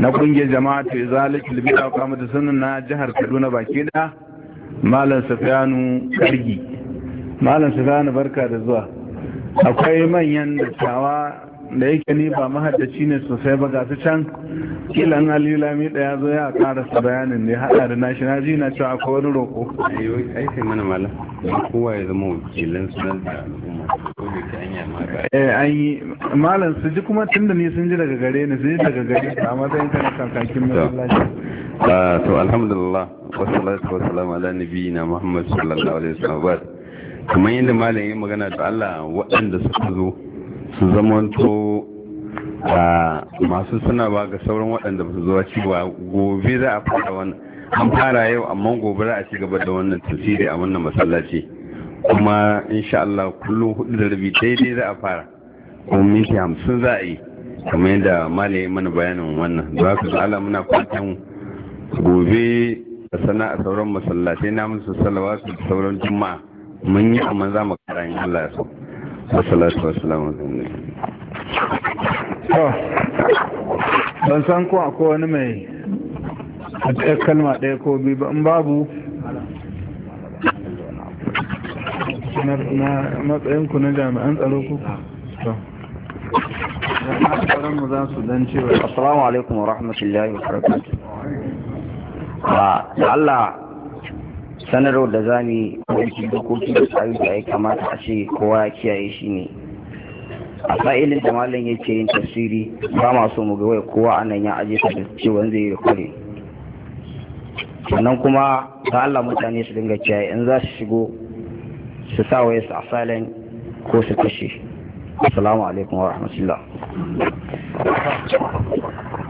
na kungiyar jama'a ta izalik libya kwamata sunan na jihar kaduna baki da malam safiyanu kargi malam safiyanu barka da zuwa akwai manyan dattawa da yake ni ba mahaddaci ne sosai ba ga su can kilan alilami ya zo ya karasa bayanin ne hada da nashi na ji na cewa akwai wani roko aikai mana mala kowa ya zama wakilan su nan da al'umma ko da ke eh, an yi malam su ji kuma tunda ni sun ji daga gare ni sun ji daga gare ni a matsayin ka na kakakin masallaci to alhamdulillah wasu salatu wasu salamu ala nabiyina muhammad sallallahu alaihi wasallam kamar yadda malam ya magana da Allah waɗanda suka zo su zamanto a masu ba ga sauran waɗanda ba su zuwa cewa gobe za a fara wannan an fara yau amma gobe za a ci gaba da wannan tasiri a wannan masallaci kuma insha Allah kullum hudu da rabi daidai za a fara kuma minti hamsin za a yi kamar yadda mala ya mana bayanin wannan za ka ga Allah muna fatan gobe a sana a sauran masallatai na musu salawa su sauran juma'a mun yi amma za mu kara in Allah ya so wasalatu wasalamu ban san ko akwai wani mai a kalma ɗaya ko biyu ba in babu na ku na jami'an tsaro ku dan cewa assalamu alaikum wa rahmatullahi wa barakatuh Allah sanarwar da za mu yi wanki dokoki da tsari da ya kamata a ce kowa ya kiyaye shi ne a fa'ilin da malam yake yin tafsiri ba ma so mu ga wai kowa a nan ya aje ta da wanzu zai yi kware sannan kuma ta Allah mutane su dinga kiyaye in za su shigo su sa waye su a ko su kashe assalamu alaikum wa rahmatullah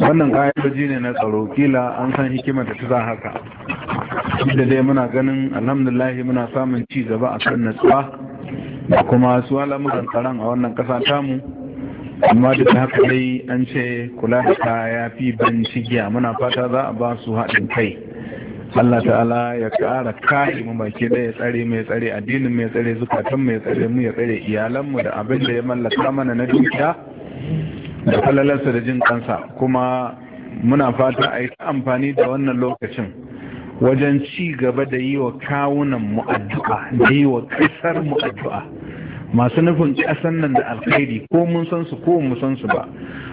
wannan ka'idoji ne na tsaro kila an san hikimar da ta haka da dai muna ganin alhamdulahi muna samun ci gaba a kan natsuwa da kuma su alamuran tsaron a wannan kasa tamu amma duk da haka dai an ce kula da ya fi ban shigiya muna fata za a ba su haɗin kai Allah ta'ala ya ƙara kare mu baki ɗaya tsare mai tsare addinin mai tsare zukatan mai tsare mu ya tsare iyalanmu da abin da ya mallaka mana na dukiya da falalarsa da jin kansa kuma muna fata a yi amfani da wannan lokacin wajen ci gaba da yi wa kawunan mu'addu'a da yi wa ƙasar mu'addu'a masu nufin ƙasar nan da alkhairi ko mun san su ko mun san su ba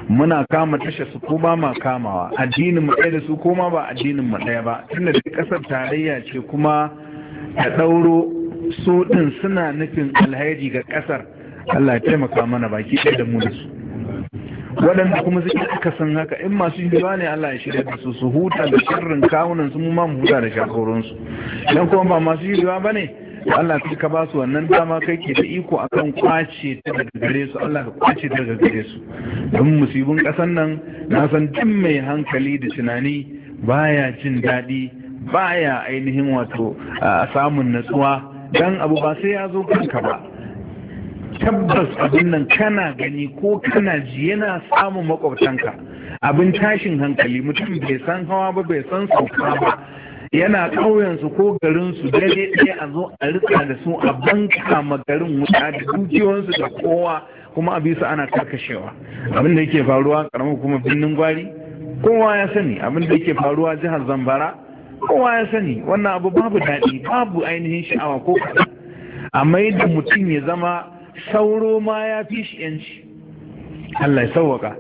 muna kama tasha su ko ba ma kamawa addinin mu ɗaya da su ko ma ba addinin mu ɗaya ba tunda da ƙasar tarayya ce kuma ta ɗauro su ɗin suna nufin alhairi ga ƙasar Allah ya taimaka mana baki ɗaya da mu da su waɗanda kuma suke aka san haka in masu yiwuwa ne Allah ya shirya da su su huta da shirin kawunan su ma mu huta da shakorunsu Idan kuma ba masu yiwuwa ba ne Allah ta ka ba su wannan dama kai ke da iko a kan kwace ta daga gare su Allah ka kwace ta daga gare su don musibin ƙasar nan na san duk mai hankali da tunani baya jin daɗi baya ainihin wato samun natsuwa dan abu ba sai ya zo kanka ba tabbas abin nan kana gani ko kana ji yana samun makwabtanka abin tashin hankali mutum bai san hawa ba bai san sauka ba yana ƙauyensu ko garinsu dare ɗaya a zo a rika da su a banka ma garin wuta da dukiyoyinsu da kowa kuma a bisa ana karkashewa abin da yake faruwa karamar kuma birnin gwari kowa ya sani abin da yake faruwa jihar zambara kowa ya sani wannan abu babu daɗi babu ainihin sha'awa ko kaɗan amma yadda mutum ya zama sauro ma ya fi shi yanci Allah ya sauwaka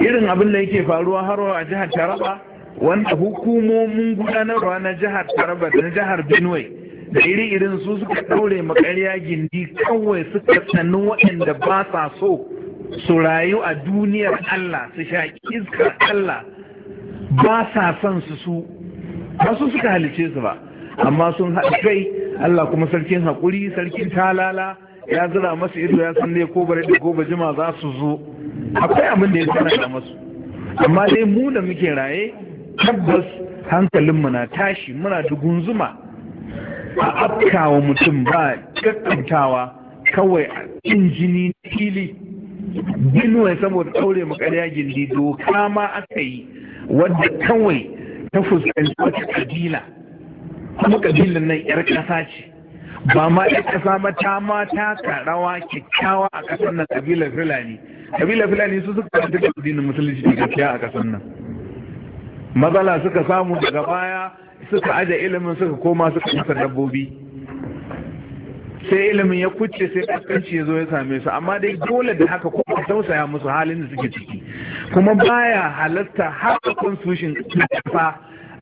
irin abin da yake faruwa har a jihar Taraba wanda hukumomin gudanarwa na jihar Taraba da na jihar Benue da iri irin su suka daure makarya gindi kawai suka tsani waɗanda ba sa so su rayu a duniyar Allah su shaƙi iskar Allah ba sa son su su ba su suka halice su ba amma sun haɗa kai Allah kuma sarkin haƙuri sarkin talala ya zira masu ido ya san dai ko bare da gobe jima za su zo akwai abin da ya da masu amma dai mu da muke raye tabbas hankalinmu na tashi muna da gunzuma a afkawa mutum ba kakkantawa kawai a cin jini fili ya saboda ɗaure makarya gindi doka ma aka yi wadda kawai ta fuskanci wata kabila kuma kabilan nan 'yar ƙasa ce ba ma ɗan ƙasa ba ta ma kyakkyawa a ƙasar nan kabilar Fulani. kabilar Fulani su suka karanta da addinin musulunci gaskiya a ƙasar nan. Matsala suka samu daga baya suka aje ilimin suka koma suka yi dabbobi. Sai ilimin ya kuce sai ƙasƙanci ya zo ya same su amma dai dole da haka kuma tausaya musu halin da suke ciki. Kuma baya halatta har constitution ƙasa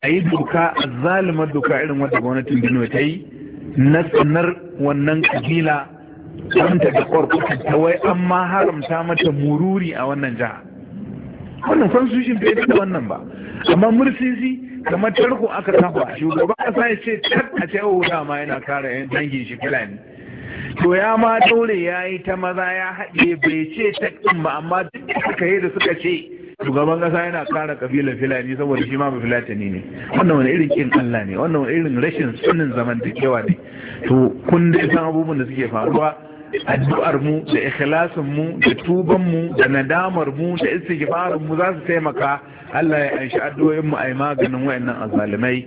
a yi doka a zalimar doka irin wadda gwamnatin Benue ta yi. na sanar wannan kabila wanda da kwarkwata ta wai an ma haramta mata mururi a wannan jiha wannan san su shi bai da wannan ba amma mursisi kamar tarko aka kafa shugaban kasa ya ce tat a ce yau oh, ma yana kare dangin shi fulani to ya ma daure ya yi ta maza ya haɗe bai ce ta ba amma duk suka yi da suka ce shugaban kasa yana kara kabilar filani saboda shi ma ba filatani ne wannan wani irin kin Allah ne wannan wani irin rashin da zamantakewa ne to kun dai san abubuwan da suke faruwa addu'ar mu da ikhlasin mu da tuban mu da nadamar mu da istighfarin mu za su taimaka Allah ya anshi addu'o'in mu ai maganin wayannan azalimai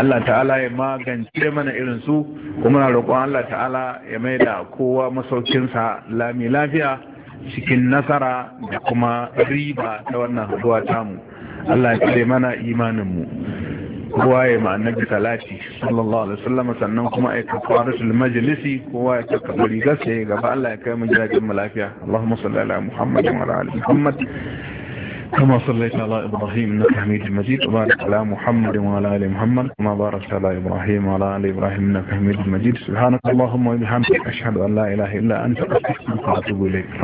Allah ta'ala ya magance mana irin su kuma na roƙon Allah ta'ala ya maida kowa masaukinsa lami lafiya cikin nasara da kuma riba ta wannan haduwa tamu Allah ya mana mana imaninmu kowa ya ma annabi salati sallallahu alaihi wasallam sannan kuma ya kafaratul majlisi kowa ya kafa rigar sai gaba Allah ya kai mu jiragin mu lafiya Allahumma salli ala Muhammad wa ala ali Muhammad كما صليت على إبراهيم إنك حميد مجيد وبارك على محمد وعلى آل محمد كما باركت على إبراهيم وعلى آل إبراهيم إنك حميد مجيد سبحانك اللهم وبحمدك أشهد أن لا إله إلا أنت أستغفرك وأتوب إليك